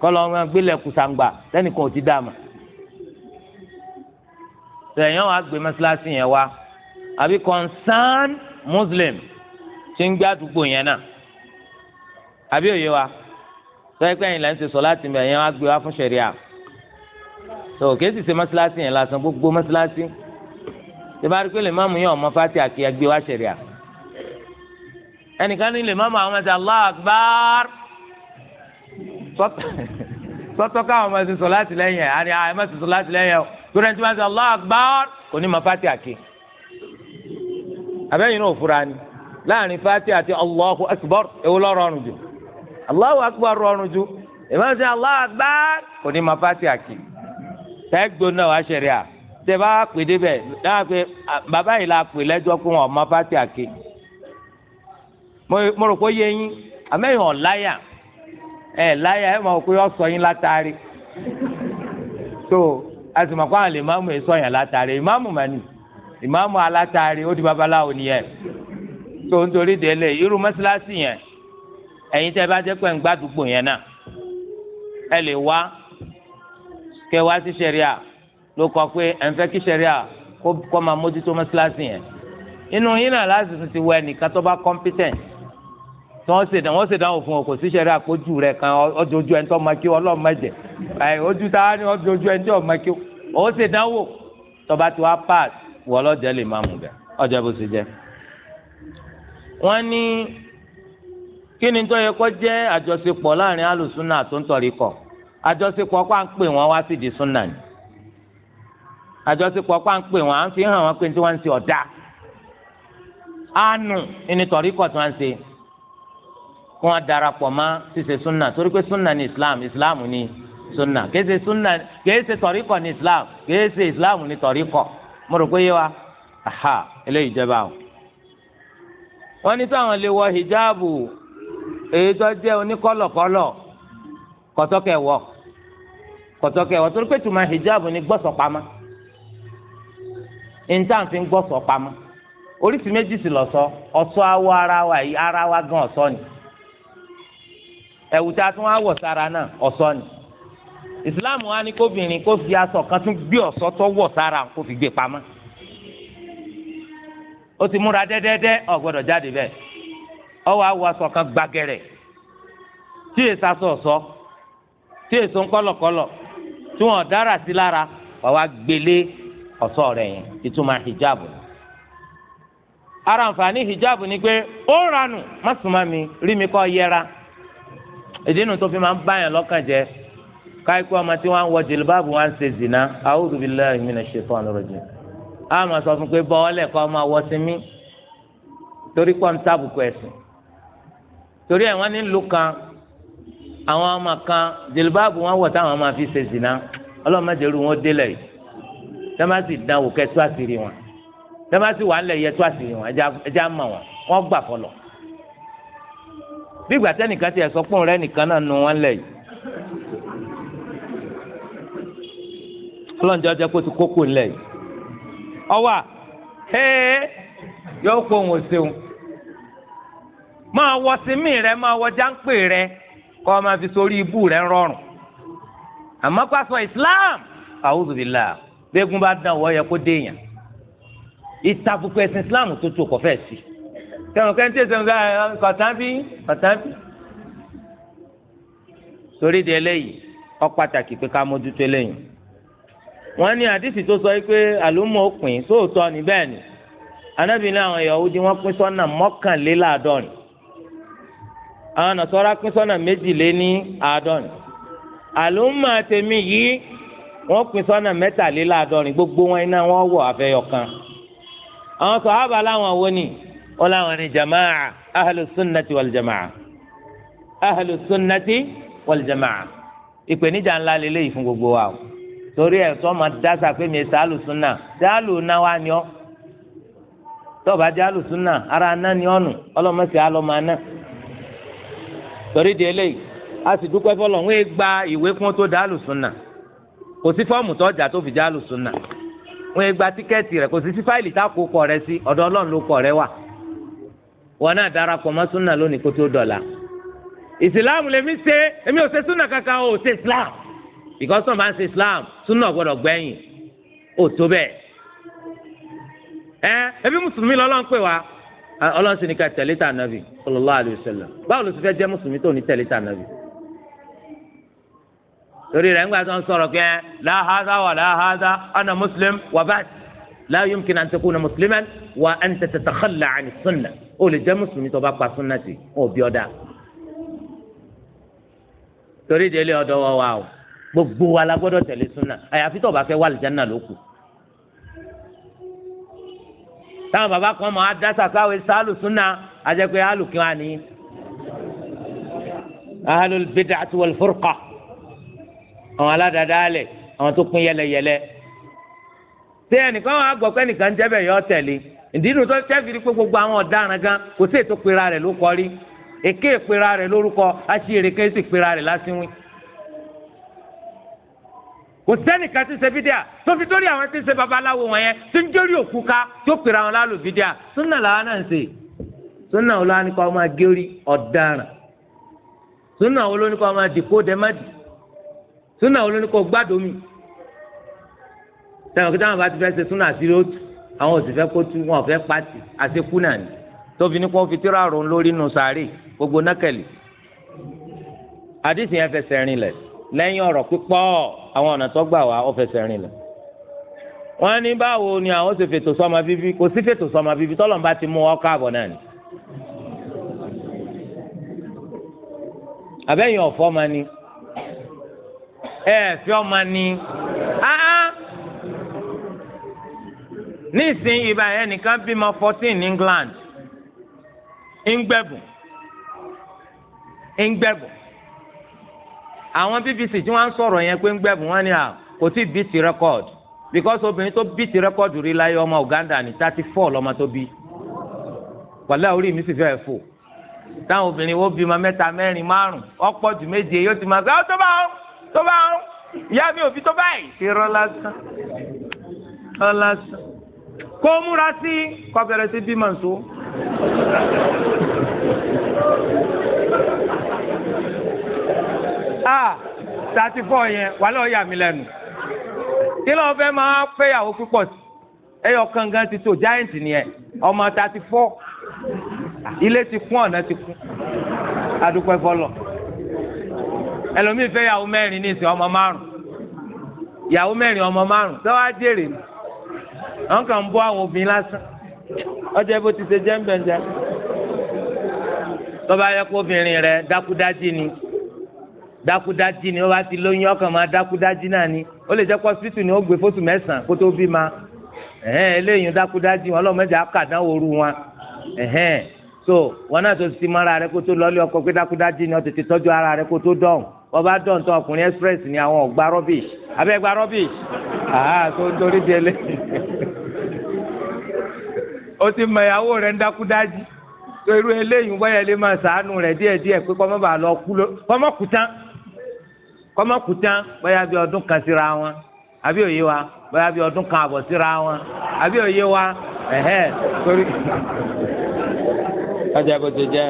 kọ́ lọ́ọ́ gbélé kùsàǹgbà tẹ́nìkan ò ti dá a sẹ̀yìn wọn àgbẹ̀ mọ́sálásí yẹn wá àbí concern muslim ti ń gbé àdúgbò yẹn náà àbí òye wa sọ pé ẹ̀yin là ń ṣe sọ láti mẹ ẹ̀yin àgbẹ̀ wá fún ṣẹ̀ríà tó kéésì ṣe mọ́sálásí yẹn lásán gbogbo mọ́sálásí tí bá rí pé lè má mú yẹn ọmọ fati àti ẹgbẹ́ wá ṣẹ̀ríà ẹnìkan ní lè má mú àwọn ọmọ ṣe Allahu Akbar sọ́tọ́ káwọn ọmọ ah, ṣe sọ láti lẹ́yìn ẹ̀ àní àwọn sọ láti lẹ́yìn ẹ̀ lórí ẹni tí sọ Akbar kò ní ma fati àké abẹ́yìn náà ni láàrin fati àti Allahu Akbar ewu lọ rọrùn ju Allahu Akbar rọrùn jù ma fati àké tẹ́gbọ́n náà wá ṣẹ̀rí à tẹ bá pè débẹ̀ dáhà pé bàbá la pè lẹ́jọ́ wọn ma fati àké mo rò pé yẹ yín ẹ̀ láyà sọ yín látàrí so. asùnmọ̀ kó àwọn lè máàmù èso ọ̀yàn látàrí ìmáàmù mani ìmáàmù alátàrí ó di babaláwo nìyẹn tó ń torí délé irú mọ́sálásí yẹn ẹ̀yin tẹ́ bá jẹ́ pé ń gbàdúgbò yẹn náà ẹ lè wá kẹ wá sí sẹ́ríà ló kọ pé ẹ̀ ń fẹ́ kí sẹ́ríà kó máa mójútó mọ́sálásí yẹn inú yín náà láti tún ti wọ ẹnìkan tó bá competent tí wọ́n ṣe wọ́n ṣe dáhùn fún ọ kò sí sẹ́rí àpójú rẹ̀ kan ọjọ́jú ẹni tó máa kí ọlọ́run jẹ ojú ta ni ọjọ́jú ẹni tó máa kí ó ṣèdánwò tọba tí wàá pass wọ lọ́jọ́ lè máa mú gà ọjà bó ṣe jẹ́. wọ́n ní kí ni tó yẹ kó jẹ́ àjọṣepọ̀ láàrin alùsùnà tó ń tọ̀rí kọ̀ àjọṣepọ̀ pa ń pè wọ́n wá sí di súnà ni àjọṣepọ̀ pa ń pè wọ́n à ń fi hàn wọ́n pé tí wọ́n ń ṣe ọ̀dà àánú ẹni tọ̀rí kọ̀ tí wọ́n ń ṣe kí wọ́n darapọ̀ mọ́ ṣíṣe súnà torí pé súnà ni Islam Islam ni. sunna kèése sunna kèése tọ̀ríkọ̀ ni islam kèése islam ni tọ̀ríkọ̀ mo rò pé wa aha eléyìí jẹba o. wọ́n ní sáwọn lè wọ hijabu èyí tó jẹ́ oníkọ́lọ̀kọ́lọ̀ kọ̀tọ́kẹ̀ wọ̀ kọ̀tọ́kẹ̀ wọ̀ torí pé tùmọ̀ hijabu ni gbọ́sọ̀ pamọ́ intanfin gbọ́sọ̀ pamọ́ oríṣi méjì sì lọ sọ ọ̀ṣọ́ awọ ara wa yìí ara wa gan ọ̀ṣọ́ ni ẹ̀wù tí a tún sára náà ọ̀ṣọ́ ni islam wa ni kóbìnrin kó fi aṣọ kan tún gbé ọ̀ṣọ́ tó wọ̀ sára kó fi gbé pamọ́ ó ti múra dẹ́dẹ́dẹ́ ó jáde bẹ́ẹ̀ ó wá aṣọ kan gbàgẹ̀rẹ̀ tí èso aṣọ ọ̀ṣọ́ tí èso ńkọ́lọ̀kọ́lọ̀ tí wọ́n dára sí lára wà wá gbélé ọ̀ṣọ́ rẹ̀ yẹn ìtumọ̀ hijab ara àǹfààní hijab ni pé ó ranù má sùnmọ́ mi rí mi kọ́ yẹra ìdí nu tó fi máa ń báyàn lọ́kàn jẹ́ káyipẹ ọmọ tí wọn wọ jìlbáàbù wọn ṣe zina a'udhu billahi minash shaitanir rajim a máa sọ fún pé bọ́ọ̀lẹ̀ kọ́ máa wọ sí mi torí pọ̀ ń tàbùkù ẹ̀sìn torí ẹ̀ wọ́n ní ìlú kan àwọn ọmọ kan jìlbáàbù wọn wọ̀ táwọn máa fi ṣe zina ọlọ́mọdéru wọn délẹ̀ yìí tẹ́másì dánwò kẹ́ tó àṣírí wọn tẹ́másì wà lẹ̀ yẹ tó àṣírí wọn ẹja mọ̀ wọn wọ́n gbà fọlọ̀ bí ìgbà ti ẹ̀ sọ pé òun rẹ́ nìkan náà nu wọn lẹ̀ yìí fúlọ́njọ́ jẹ́ kó ti kókó ńlẹ̀ yìí ọwà hee yóò kó òun ṣeun máa wọ sinmi rẹ máa wọ jáǹpé rẹ kọ́ ọ máa fi sórí ibú rẹ rọrùn àmọ́ pàṣọ Islam àwùjọbìlà gbẹ́gun bá dán ọwọ́ yẹ kó déèyàn ìtàkùkù ẹ̀sìn Islam tó tó kọ̀ fẹ́ẹ̀ sí tẹ̀wọ̀n kẹ́ńtẹ́ sẹ́wọ̀n kọ̀tàbí kọ̀tàbí torí di eléyìí ọ pàtàkì pé ká mójútó eléyìí. wọn ní àdìsí tó sọ pé àlùmọ̀ òpin sóòótọ́ ní bẹ́ẹ̀ ni anábì ní àwọn Yahudi wọ́n pín sọ́nà mọ́kànléláàádọ́rin àwọn nàṣọ́ra pín sọ́nà yìí pín gbogbo wọn iná wọn wọ̀ àfẹyọkan àwọn sọ̀hábà láwọn wo ni jamaa ìpèníjà gbogbo wa torí ẹ sọ ma dasa pé mi sàálù súnà sàálù náà wà ní ọ tọba jẹ alùsùnà ara aná ní ọnù ọlọmọsí alọmọ aná torí di eléyìí a sì dúpẹ́ fọlọ́ wọn gba ìwé fún tó da alùsùnà kò sí fọ́ọ̀mù tọ́jà tó fi jẹ alùsùnà wọn gba tíkẹ́ẹ̀tì rẹ kò sí sí fáìlì tá a kó kọ rẹ sí ọ̀dọ̀ ọlọ́run ló kọ rẹ wà wọn náà darapọ̀ mọ́ súnà lónìí kó tó dọ̀la ìsìláàmù lèmi ṣe èmi ò ṣe súnà kankan ò ṣe islam. because náà máa ń ṣe islam súnà gbọ́dọ̀ gbẹ̀yìn ó tó bẹ́ẹ̀ ẹ ẹbí mùsùlùmí lọ́lọ́ ń pè wá ọlọ́run sì ní ká tẹ̀lé tà nàbì sallallahu alaihi wasallam báwo ló ti fẹ́ jẹ́ mùsùlùmí tó ní tẹ̀lé tà nàbì torí rẹ̀ ńgbà tó ń sọ̀rọ̀ kẹ́ la hadha wa la hadha ana muslim wa ba'd la yumkin an takuna musliman wa anta tatakhalla gbogbo wa la gbọ́dọ̀ tẹ̀lé súnà àyàfi tó o bá fẹ́ wà lìjánà ló kù táwọn bàbá kan máa dá sàkáwé sálù súnà àjẹpẹ́ alùkí wa ni ahlul bid'ati wal furqa àwọn aládàádáalẹ̀ àwọn tó kún yẹlẹyẹlẹ tí ẹnìkan wà gbọ́ pé ẹnìkan jẹ́bẹ̀ yọ tẹ̀lé ìdínú tó tẹ́fìrí pé gbogbo àwọn ọ̀daràn gan kò sí ètò pera rẹ̀ ló kọrí èké ìpera rẹ̀ lórúkọ aṣèrèké sì pera rẹ̀ lásìwín kò sẹ́nìkan tí ń ṣe bídíà tó fi dórí àwọn tí ń ṣe babaláwo wọn yẹn tí ń dórí òkú ká tó pèrè àwọn lálù bídíà súnà làwọn náà ń ṣe súnà wo ló ní kó máa gérí ọ̀daràn súnà wo ló ní kó máa dìkó dẹ́mádì súnà wo ló ní kó gbádùn sẹ́wọ̀n kí táwọn bá ti fẹ́ ṣe súnà àti lótú àwọn ò sì fẹ́ kó tú wọn ò fẹ́ pàtì àṣekú náà ni tóbi ní kó fi tíra rò lórí nù sàárè gbogbo nákẹ́lì àdìsí yẹn fẹsẹ̀ rinlẹ̀ lẹ́yìn ọ̀rọ̀ pípọ̀ àwọn ọ̀nà tó gbà wá ó fẹsẹ̀ rìn lọ. wọ́n ní báwo ni àwọn ṣe fètò sọ́mọ bíbí kò sí fètò sọ́mọ bíbí tọ́lọ́mùbá ti mú ọkọ àbọ̀ náà ni. àbẹ́yìn ọ̀fọ́ ma ni ẹ̀ẹ́fẹ́ ọ̀ma ni áá nísìnyí ìbá ẹnìkan bímọ fourteen ní England ń gbẹ̀bùn ń gbẹ̀bùn àwọn bbc tí wọ́n ń sọ̀rọ̀ yẹn pé ń gbẹ̀bùn wọn ni à kò tí ì bìtì rẹ́kọ̀d because obìnrin tó bìtì rẹ́kọ̀d rí láyé ọmọ Uganda ní thirty four lọ́mọ tó bí wàlẹ́ orí mi sì fẹ́ fò táwọn obìnrin wo bímọ mẹ́ta mẹ́rin márùn ọ̀pọ̀ jù méje yóò ti máa gbé tó bá ń tó bá ń ìyá mi ò fi tó báyìí ṣe rọ́ lásán rọ́ lásán kó múra sí kọ́ sí bímọ nsọ ah thirty four yẹn wà lọ́ọ́ yà mí lẹ́nu kí ló fẹ́ máa fẹ́yàwó púpọ̀ sí ẹyọ kankan ti tó giant nìyẹn ọmọ thirty four ilé ti kún ọ̀nà ti kún adúpẹ́ fọlọ́ ẹlòmíì fẹ́yàwó mẹ́rin ní ìsìn ọmọ márùn ìyàwó mẹ́rin ọmọ márùn tó wá jèrè ni wọn kàn ń bọ́ àwọn obìnrin lásán ọjọ́ ibo ti ṣe jẹ́ ń bẹ̀ ń jẹ́ lọ́ba yẹ kó obìnrin rẹ̀ dákúdájí ni. dákúdájí ni ó bá ti lóyún ọkàn máa dákúdájí náà ni ó lè jẹ́ pé hospital ni ó gbé fóṣù mẹ́sàn-án kó ma ẹ̀hẹ́n eléyìí dákúdájí wọn ọlọ́mọdé akàdánwò ooru wọn ẹ̀hẹ́n so wọn náà tó ti mọ́ra rẹ kó tó lọ́lé ọkọ pé dákúdájí ni ó tètè tọ́jú ara rẹ kó tó dọ̀hùn wọn bá dọ̀hùn ọkùnrin express ni àwọn ọ̀gbá rọ́bì kọ́mọkùtà bóyá bí ọdún kan síra wọn àbí òye wa bóyá bí ọdún kan àbọ̀ síra wọn àbí òye wa ẹ̀hẹ́ torí. ọjà bó ti jẹ́.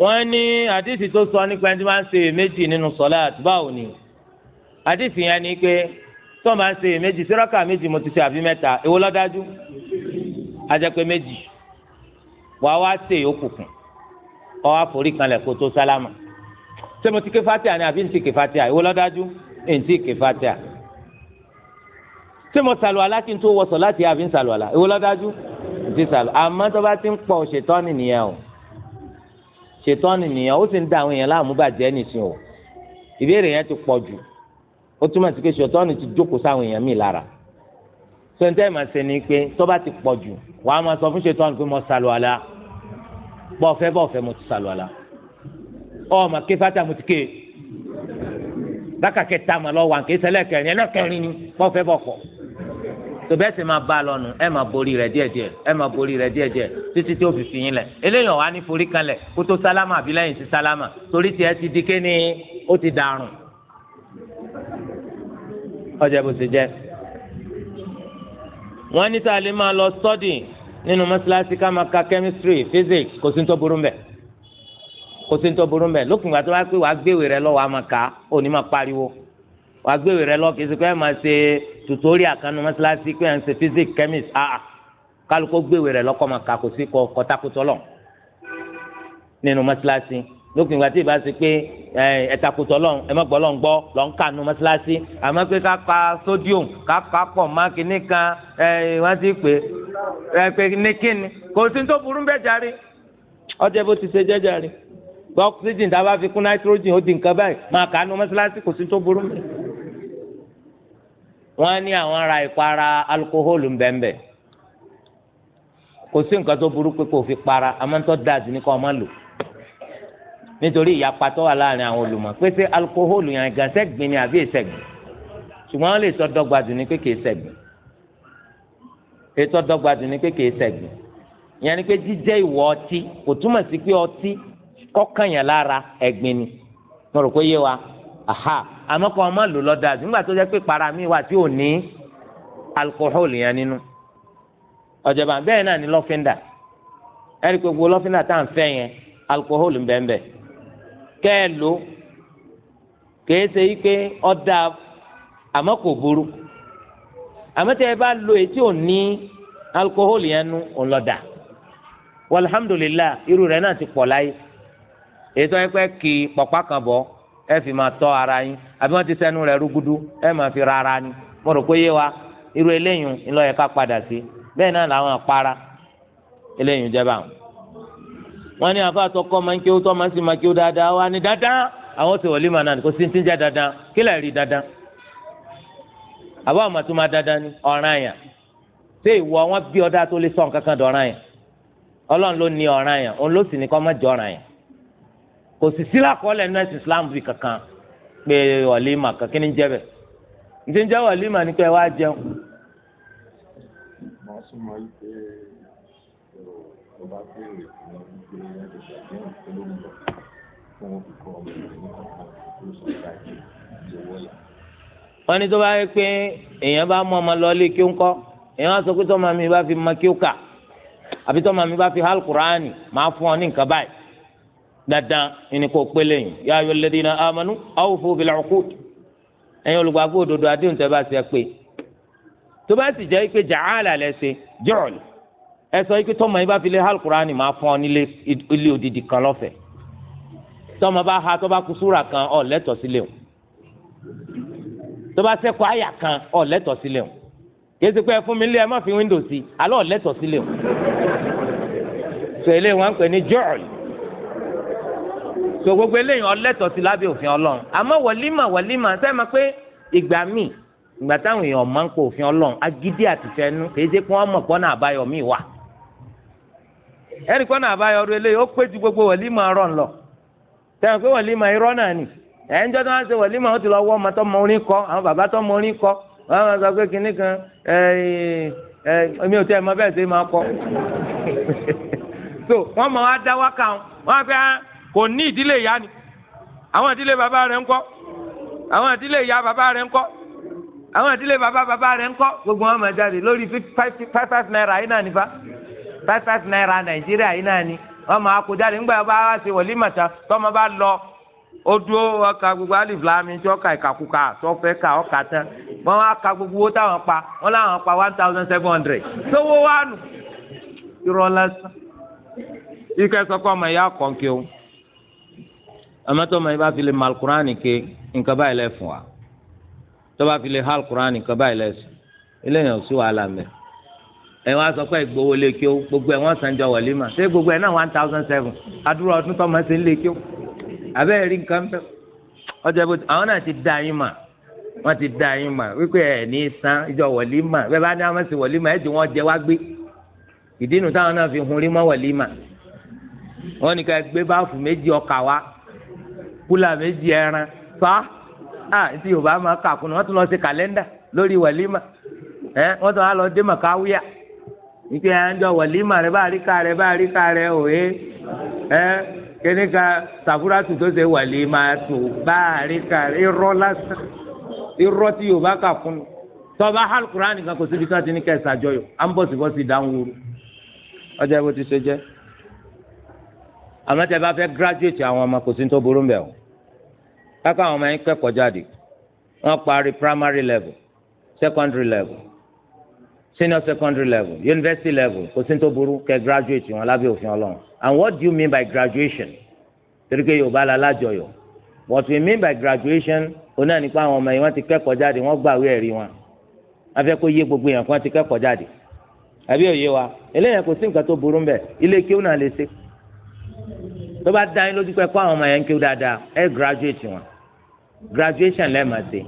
wọ́n ní àdìsí tó sọ nípa ẹni tí wọ́n ṣe méjì nínú sọ́láàt báwo ni àdìsí yẹn ni pé tó máa ń ṣe méjì sírọ́kà méjì mo ti ṣe àbí mẹ́ta èwo ló dájú ajẹ́pẹ́ méjì wàá wá ṣe yòókù kù ọ kanlẹ̀ kó tó sálámà ṣé mo ti ké fatia ni àbí ntí ké fatia ìwọ lọ́dájú ntí ké fatia ṣé mo sàlùwà láti tó wọ̀sọ̀ láti àbí nsàlùwà la ìwọ lọ́dájú ntí sàlùwà àmọ́ tó bá ti ń pọ̀ ṣètọ́ni nìyẹn o ṣètọ́ni nìyẹn ó sì ń da àwọn èèyàn láàmú bàjẹ́ nìsín o ìbéèrè yẹn ti pọ̀ jù ó túmọ̀ sí pé ṣètọ́ni ti jókòó sáwọn èèyàn mi lára sọ̀ntẹ́ ìmọ̀ ọmọ ké fata mo ti ké lákàkẹ́ tá a mọ̀ lọ́wọ́ àǹkẹ́ sẹ́lẹ̀ kẹrin ẹlẹ́kẹrin ni wọ́n fẹ́ bọ̀ kọ́ tòbẹ́ sì máa bá a lọ́nu ẹ máa borí rẹ̀ díẹ̀díẹ̀ ẹ máa borí rẹ̀ díẹ̀díẹ̀ títí tí ó fi fìyín lẹ̀ eléyàn wá ní forí kanlẹ̀ kó tó sálámà àbí lẹ́yìn sí sálámà torí tiẹ̀ ti di kéne ó ti dàrùn. ọjà bó ṣe jẹ́ wọ́n ní sáà máa lọ sọ́dì nínú mọ́ṣáláṣí ká máa ka chemistry physics kò sí ní tó burú mbẹ́ kò sí nítorí burú mẹ lókùn ìgbà tó bá pé wàá gbéwèé rẹ lọ wàá máa ka ò ní máa pariwo wàá gbéwèé rẹ lọ kì í ṣe pé ẹ máa ṣe tùtórí àkànnù mọ́ṣáláṣí pé ẹ ń ṣe physics chemist ah kálukó gbéwèé rẹ lọ́kọ́ máa ka kò sí kọ́takùtọ́ lọ nínú mọ́ṣáláṣí lókùn ìgbà tí ì bá ṣe pé ẹ takùtọ̀ lọ ẹ má gbọ́ lọ ń gbọ́ lọ ń kànú mọ́ṣáláṣí àmọ́ pé ká pa sodium ká pa pọ̀ má kíní kan ẹ wọ́n ti pè é pé ní kíni kò sí tó burú bẹ́ẹ̀ járe ọjọ́ bó ti ṣe jẹ́ járe tó oxygen tá a bá fi kún nitrogen ó di nǹkan báyìí máa kà á nu mọ́ṣáláṣí kò sí tó burú mi. wọ́n ní àwọn ara ìpara alukóhólù ń bẹ́ńbẹ́ kò sí nǹkan tó burú pé kò fi para amọ́ntọ́ dáàdì ní kò má lò nítorí ìyapa tó wà láàrin àwọn olùmọ̀ pé ṣé alukóhólù yẹn gan sẹ́gbìn ni àbí èsẹ̀gbìn ṣùgbọ́n wọ́n lè sọ dọ́gba dùn ní pé kì í sẹ̀gbìn ètò dọ́gba dùn ní pé kì í sẹ̀gbìn yẹn ni pé jíjẹ́ ìwọ ọtí kò túmọ̀ sí pé ọtí kọ́kànyàn lára ẹ̀gbin ni mo rò pé wa aha àmọ́ kọ́ ọ nígbà tó jẹ́ pé para mi wà tí ò ní alukóhólì yẹn nínú ọ̀jọ̀ba bẹ́ẹ̀ náà ni lọ́fíńdà ẹ̀rí gbogbo lọ́fíńdà tá à ń fẹ́ yẹn alukóhólì kèé ṣe yí pé ọ̀dà àmọ́ kò burú àmọ́ ẹ bá lo èyí tí ò ní alukóhólì yẹn ètò ẹgbẹ́ kì í pọ̀pá kan bọ̀ ẹ fi máa tọ́ ara yín àbí wọ́n ti sẹ́nu rẹ̀ rúgudu ẹ máa fi ra ara ni mo rò pé yé wa irú eléyìí ńlọ yẹ ká padà sí bẹ́ẹ̀ náà làwọn àpárá eléyìí jẹba wọn ní àfa àtọkọ máa ń kí ó tọ́ máa ń sì máa kí ó dáadáa wa ni dáadáa àwọn ti wọlé màá nàní kó sí ti ń jẹ dáadáa kí lè rí dáadáa àbá àwọn àtúmọ̀ dáadáa ni ọ̀ràn àyàn ṣé ìwọ wọn bí ọdá tó lè sọ nǹkan kan dọ̀ràn àyàn ọlọ́run ló ní ọ̀ràn àyàn òun ló sì ní kọ́ mọ́ jọ ọ̀ràn àyàn kò sì sí lákọọ́lẹ̀ nọ́ọ̀sì islam bíi kankan pé wàlímà kankan ní jẹ́ bẹ̀ ǹjẹ́ ǹjẹ́ wàlímà ni pé wàá jẹun. màá sún mọ́ wípé ọba béèrè fún ọ wípé ẹgbẹ̀rún ìgbẹ́hùn tó wọ́n ní tó bá yẹ pé èèyàn bá mú ọmọ lọ́ọ́lé kí ń kọ́ èèyàn sọ pé tọ́mọ mi bá fi mọ kí ó kà àbí tọ́mọ mi bá fi hálùkùránì máa fún ọ ní nǹkan báyìí dandan ẹni kò pé lẹ́yìn ya ayyul ladina amanu awfu bil uqud ẹ̀yin olùgbàgbọ́ òdodo àdéhùn tẹ́ bá ti ẹ pé tó bá sì jẹ́ pé jàhálà lẹ́sẹ̀ jọ́ọ̀l ẹ sọ pé tọ́mọ yín bá fi lé alukurani máa fún nílé ilé odidi kan lọ́fẹ̀ẹ́ tọ́mọ bá ha tó bá kú súra kan ọ̀ lẹ́tọ̀ọ́ sílẹ̀ o tó bá sẹ́kọ̀ọ́ àyà kan ọ̀ lẹ́tọ̀ọ́ sílẹ̀ o kìí pé ẹ mi lé ẹ má fi wíńdò sí alọ́ ọ̀ lẹ́tọ̀ọ́ sílẹ̀ o so gbogbo eléyìí ọlẹ́tọ̀ sí lábẹ́ òfin ọlọ́run àmọ́ wọ̀límà wọ̀límà sẹ́mi pé ìgbà míì ìgbà táwọn èèyàn máa ń kó òfin ọlọ́run agídí àtìfẹ́nu kì í ṣe pé wọ́n mọ̀ pọ́nà àbáyọ míì wà ẹnì pọ́nà àbáyọ eléyìí ó pé gbogbo wọlima rọ̀ ń lọ pé irọ́ náà nì tó wá ṣe ó ti mọ kọ kò ní ìdílé ìyá ni àwọn ìdílé bàbá rẹ̀ ńkọ́ àwọn ìdílé ìyá bàbá rẹ̀ ńkọ́ àwọn ìdílé bàbá bàbá rẹ̀ gbogbo wọn máa jáde lórí five five naira yìí náà nípa five five naira nàìjíríà yìí náà ni wọn máa kó jáde nígbà bá wá wọlé lọ ó dúró ọkà gbogbo mi tí ọkà ìkàkùkà ká ka gbogbo owó táwọn pa wọn láwọn pa one thousand seven hundred sówó wánu amátọ́ ma ibà fi lè ma alukur'ani ké nǹkan báyìí lẹ fún wa tọ́ba fi lè ha alukur'ani nǹkan báyìí lẹ sùn eléyàn ò sí wàhálà mẹ́ ẹ wá sọ pé ìgbowó lè kí o gbogbo ẹ wọn san jọ wọlé mà ṣé gbogbo ẹ náà one thousand seven adúrò ọdún tó máa ṣe ń lè kí o àbẹ́ẹ̀ rí nǹkan bẹ́ẹ̀ ọjọ́ ìbò àwọn náà ti da yín mà wọ́n ti da yín mà wípé ẹ̀ ní san ìjọ wọlé mà bẹ́ẹ̀ bá ní àwọn sì wọlé mà ẹ̀ jù wọ́n jẹ wá gbé ìdí nu táwọn náà fi hun rí mọ́ wọlé mà wọ́n ní ká gbé báàfù méjì ọkà wá kúlà méjì ẹran fa ah ti yorùbá máa kà kùnà wọ́n tún lọ ṣe kàlẹ́ndà lórí wàlímà ẹ wọ́n tún wá lọ dé màkàwíà nítorí à ń jọ wàlímà rẹ bá rí ká rẹ bá rí ká rẹ òye ẹ kíní ka sàfúrásù tó ṣe wàlímà tó bá rí ká rẹ irọ́ lásán irọ́ ti yorùbá kà kùnà tọba alukuraan nìkan kò síbi tí wọn ti ní kẹsà àjọyọ̀ à ń bọ̀sibọ̀si dáhùn ọjọ́ ìbò ti ṣe jẹ́ àmọ́ tẹ bá fẹ́ gírájúwèétì àwọn ọmọ kò sí ní tó burú mbẹ́ o káká àwọn ọmọ yẹn kẹ́kọ̀ọ́ jáde wọ́n parí primary level secondary level senior secondary level university level kò sí ní tó burú kẹ́ graduate wọn lábẹ́ òfin Ọlọ́run and what do you mean by graduation torí pé Yorùbá la lájọyọ̀ what we mean by graduation oná nípa àwọn ọmọ yẹn wọ́n ti kẹ́kọ̀ọ́ jáde wọ́n gbàwé ẹ̀rí wọn afẹ́ kó yé gbogbo yẹn kó wọ́n ti kẹ́kọ̀ọ́ jáde àbí òye wa eléyàn kò sí nǹkan tó burú mbẹ ilé kí ó náà lè ṣe tó bá dá yín lójú pé kó àwọn ọmọ yẹn ń kí dáadáa ẹ graduate wọn graduation lẹ́ẹ̀ma ṣe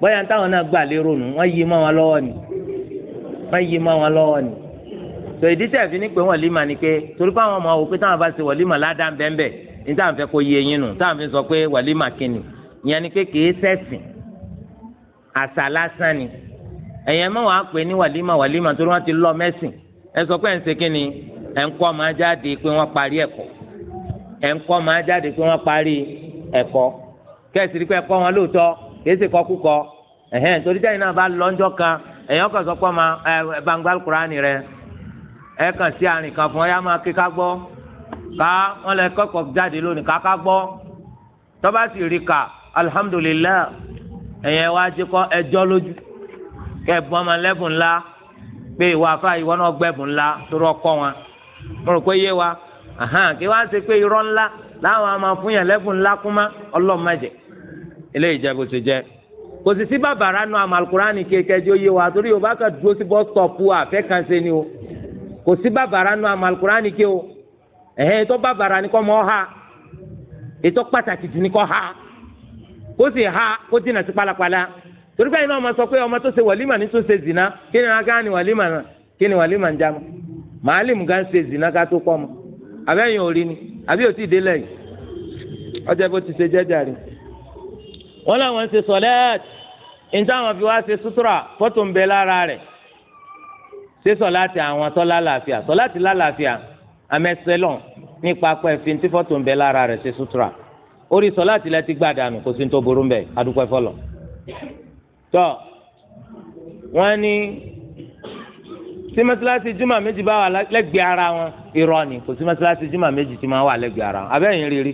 bóyá táwọn náà gbà lérò nù wọ́n yí mọ́ wọn lọ́wọ́ ni wọ́n yí mọ́ wọn lọ́wọ́ ni tò ìdí tẹ̀ fi ní pé wọ́n límà ni pé torí pé àwọn ọmọ wò pé táwọn bá ṣe wọ̀límà ládàá bẹ́ẹ̀ ní táwọn fẹ́ kó yé yín nù táwọn fi sọ pé wọ̀límà kínni ìyẹn ni pé kìí sẹ́sìn àṣà lásán ni ẹ̀yẹn mọ́ wàá pè ní wọ̀límà wọ̀límà torí wọ́n ti lọ mẹ́sìn ẹ sọ pé ẹ̀ ń ṣe kínni ẹ̀ ń kọ́ ọmọ ajáde pé wọ́n parí ẹ̀kọ́ ẹ̀ńkọ́ máa jáde pé wọn parí ẹkọ kẹsì rí pé ẹ̀kọ́ wọn lóòótọ́ kìí ṣe kọkúkọ ẹhẹn torí jẹ́yìn náà bá lọ́njọ́ kan ẹ̀yàn kan sọ pé ọmọ kurani rẹ ẹ̀ kàn sí àrìn kan fún ọ yá máa ké ká gbọ́ ká wọn jáde lónìí ká ká gbọ́ tọ́ba sì rí ká ẹ̀yẹn wá kí wọ́n á ṣe pé irọ́ ńlá láwọn á máa fún yàn lẹ́bùn ńlá kúmá ọlọ́mọdé eléyìí jẹ́ bó ṣe jẹ́ kò sì sí bàbàrà nu àmọ́ alukurani kékeré yé wa torí yorùbá kan dúró sí bọ́sítọ̀pù àfẹ́ kan ṣe ni o kò sí bàbàrà nu àmọ́ ké o ẹ̀hẹ́n ètò bàbàrà ni kọ́ mọ́ ha ètò pàtàkì jù ni kọ́ ha kó sì ha kó dínà sí pálapàla torí báyìí náà ọmọ sọ pé ọmọ tó ṣe wàlímà ní tó ṣe zìnà kí ni wọn ká ní wàlímà kí ni wàlímà ń jáma màálìmù gan ṣe zìnà ká tó kọ́ ọmọ abẹ́yìn orí ni àbí òtí ìdè lẹ́yìn ọjọ́ bó ti ṣe jẹ́jà rí. wọ́n láwọn ṣe sọ̀lẹ́ẹ̀tì ní táwọn fi wá ṣe sútúrà fọ́tò ń bẹ lára rẹ̀ ṣé sọ̀láàtì àwọn tó lálàáfíà sọ̀láàtì lálàáfíà àmẹ́sẹ̀lọ̀ nípa pẹ́ fi ti fọ́tò ń bẹ lára rẹ̀ ṣe sútúrà orí sọ̀láàtì lẹ ti gbàdánù kò sí ní tó burú mbẹ́ adúpẹ́ fọlọ́ tọ́ wọ́n ní sí mọ́sálásí jùmọ̀ méjì bá wà lẹ́gbẹ̀ẹ́ ara wọn irọ́ ni kò sí mọ́sálásí jùmọ̀ méjì tí máa wà lẹ́gbẹ̀ẹ́ ara wọn abẹ́yìn rírí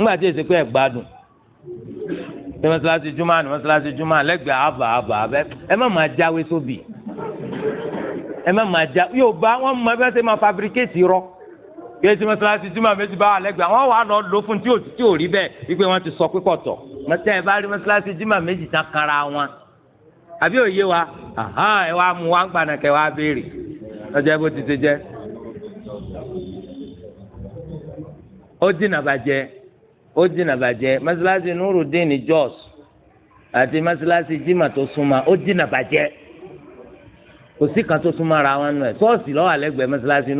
ńgbà tí èsì pé ẹ̀ gbádùn sí mọ́sálásí jùmọ̀ ní mọ́sálásí jùmọ̀ lẹ́gbẹ̀ẹ́ àbà àbà abẹ́ ẹ má máa jáwé sóbì ẹ má máa já yóò bá wọn mọ ẹgbẹ́ sẹ́ máa fabricate rọ kí ẹ sí mọ́sálásí jùmọ̀ wa bá wà lẹ́gbẹ̀ẹ́ wọn wà lọ lò fún tí ò rí bẹ́ẹ̀ wípé wọ́n ti sọ pé kọ̀tọ̀ mọ́tẹ́ ẹ bá rí mọ́sálásí jùmọ̀ méjì tán wọn àbí òye wa ẹ wá Mu wá ń gbànà kẹ wá béèrè lọ́jọ́ bó ti ṣe jẹ! ó dínà bàjẹ́ ó dínà jos àti Masalasi jimá tó súnmọ́ ó dínà bàjẹ́ kò sí kan tó súnmọ́ ara wọn nù ẹ̀ ṣọ́ọ̀ṣì ló wà lẹ́gbẹ̀ẹ́ mọ́sálásí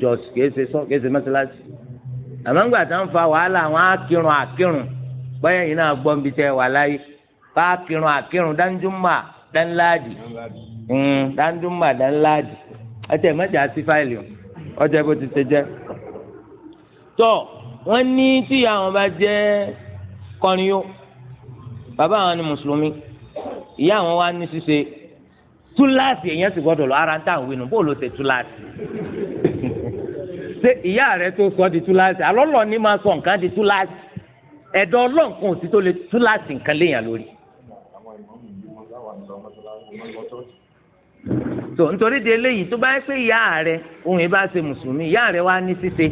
jos kìí sọ kìí ṣe tá fa wàhálà àwọn akírun akírun báyẹn yìí náà gbọ́n bí tẹ wà láyé bá akírun akírun dáńjú danladi hmm, danduma danladi ẹtẹ mẹjọ sí fáìlì o ọjọ bó ti ṣe jẹ tọ wọn ní tí àwọn bá jẹ kọrin yó bàbá àwọn ni mùsùlùmí ìyá àwọn wa ní ṣíṣe túláàsì èèyàn sì gbọ́dọ̀ lọ ara ń tà wínú bó ló ṣe túláàsì ṣé ìyá rẹ tó sọ di túláàsì alọ́lọ́ ni máa sọ nǹkan di túláàsì ẹ̀dọ́ ọlọ́nkan ò sí tó lè túláàsì nǹkan léèyàn lórí tó nítorí de eléyìí tó bá yẹ pé ìyá rẹ òun ìbá ṣe mùsùlùmí ìyá rẹ wá ní ṣíṣe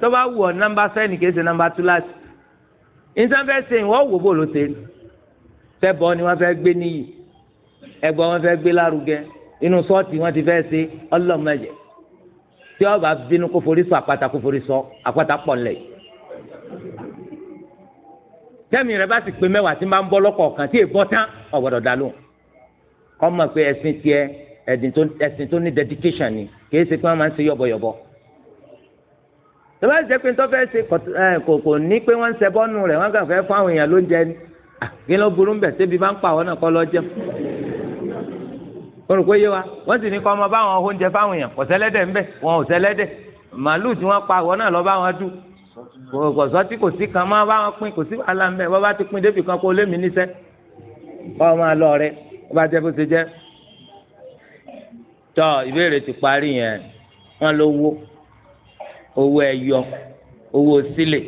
tó bá wù ọ nọ́mbà fẹni kì í ṣe nọ́mbà túláàsì ìsànfẹ́ ṣe ìwọ́ wò bó ló ṣe rí fẹ́bọ ni wọ́n fẹ́ gbé níyì ẹgbọ́ wọn fẹ́ gbé lárugẹ inú sọ́ọ̀tì wọn ti fẹ́ ṣe ọlọ́mọdé tí ó bá bínú kó forí sọ àpáta kó forí sọ àpáta pọ̀ lẹ̀ tẹ́mi rẹ bá ti, pé mẹ́wàá tí máa ń bọ́ lọ́kọ̀ọ̀kan tí èèbọ̀ tán ọ̀gbọ́dọ̀ dá lóhùn pé ẹ̀sìn tiẹ̀ ẹ̀sìn tó ní dedication ni kìí ṣe pé wọ́n máa ń ṣe yọ̀bọ̀yọ̀bọ̀ tó bá ṣe pé tó fẹ́ ṣe kò kò ní pé wọ́n ń ṣe bọ́nu rẹ̀ wọ́n kàn fẹ́ fún àwọn èèyàn lóúnjẹ ni kí ló burú bẹ̀ ṣébi bá ń pa àwọn náà kọ́ lọ jẹun orúkọ yé wa wọ́n sì ní kọ́ ọmọ báwọn oúnjẹ fáwọn èèyàn kò sẹ́lẹ́dẹ̀ ńbẹ̀ wọn ò sẹ́lẹ́dẹ̀ màálù tí wọ́n pa àwọn náà lọ́ọ́ báwọn dùn kò sọ tí kò sí kan máa báwọn pín kò sí wàhálà ńbẹ̀ wọ́n bá ti pín débì kan kó lé mi níṣẹ́ kọ́ ọmọ alọ́ rẹ wọ́n bá jẹ́ bó ṣe jẹ́ tọ ìbéèrè ti parí yẹn wọn ló wó owó ẹyọ owó sílè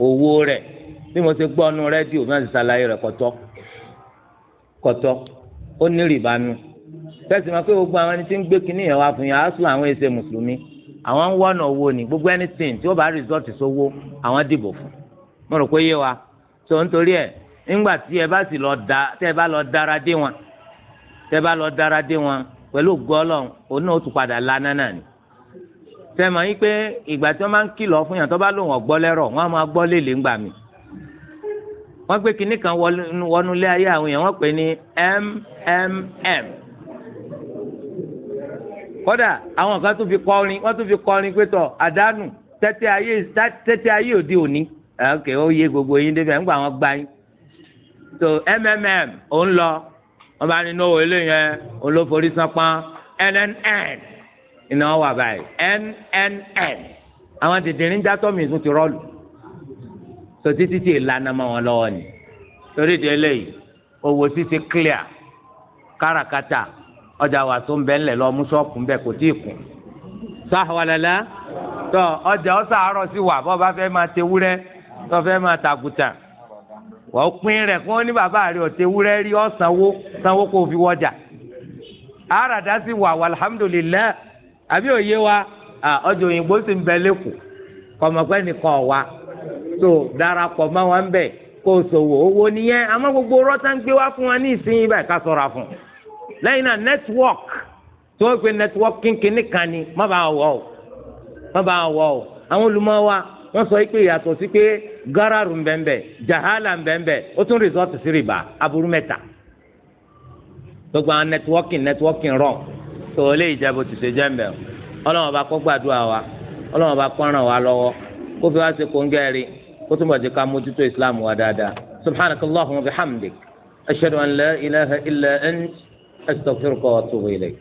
owó rẹ bí mo ṣe gbọ́ ọnu rẹ́díò náà ti ṣàlàyé rẹ̀ kọ̀tọ́ kọ̀tọ́ ó ní rìbá nu tẹ̀sí ma pé gbogbo àwọn ẹni tí ń gbé kinní yẹn wá fún yẹn aṣọ àwọn èsè mùsùlùmí àwọn ń wọ́nà owó ni gbogbo anything tí ó bá rìsọ́ọ̀tì sówó àwọn dìbò fún mo rò pé yé wa tó nítorí ẹ̀ nígbà tí ẹ bá sì lọ da tẹ́ ẹ bá lọ dára dé wọn tẹ́ bá lọ dára dé wọn pẹ̀lú gọ́ọ̀lọ́n òun náà ó tún padà lana náà ni. sẹ́mọ̀ yín pé ìgbà tí wọ́n máa ń kìlọ̀ fún yàn tó bá lòun ọ̀gbọ́ lẹ́rọ̀ wọ́n á máa gbọ́ lélẹ̀ ńgbà mi. wọ́n gbé kinní kan wọnú ilé ayé àwọn èèyàn wọ́n pè ní mmm. kódà àwọn kan tún fi kọrin wọ́n tún fi kọrin pé tọ̀ àdánù tẹ́tẹ́ ayé tẹ́tẹ́ òní. ok ó yé gbogbo yín débẹ̀ ńgbà wọn gbá yín. so mmm òun lọ wọ́n bá ní náwó ilé yẹn olóforí sápán nnn iná wà báyìí nnn àwọn dìndín ní játọ́ mi tún ti rọ́ọ̀lù tó títí tí ìlànà mọ́ wọn lọ́wọ́ ni torí di eléyìí owó títí clear káràkátà ọjà wà tó ń bẹ́ ńlẹ̀ lọ́ọ́ mú ṣọ́ọ̀pù ńbẹ kò tí ì kù sáhàwálẹ́lẹ́ tó ọjà ọ̀sà sí wà bọ́ọ̀ bá fẹ́ máa tewúrẹ́ tó fẹ́ máa tàgùtà. wà ó pín rẹ̀ kó ní bàbá rẹ̀ ọ̀tẹ̀ wúrẹ́ rí ọ́ sanwó sanwó kó o fi wọ́jà àràdá sì wà wà alhamdulilayi àbí òye wa ọjọ́ òyìnbó sì ń bẹ lẹ́kọ̀ọ́ kọ̀mọ̀pẹ́ nìkan wa tó darapọ̀ mọ́ wọn bẹ̀ kó o owó nìyẹn àmọ́ gbogbo rọ́tà ń gbé wá fún wa ní ìsinyìí báyìí ká sọ̀rọ̀ fún lẹ́yìn náà network network ni ọ́ ọ́ àwọn olùmọ̀ wa wọ́n sọ pé ìyàtọ̀ gararu nbẹnbẹ jahala mbembe otu tun resort siri ba aburú mẹ́ta gbogbo àwọn networking networking rọ to o lè jẹ bó ti ṣe wa Ọlọ́run bá kó ràn wá lọ́wọ́ kó fi wá ṣe kóńgẹ́rì islam wa an la ilaha illa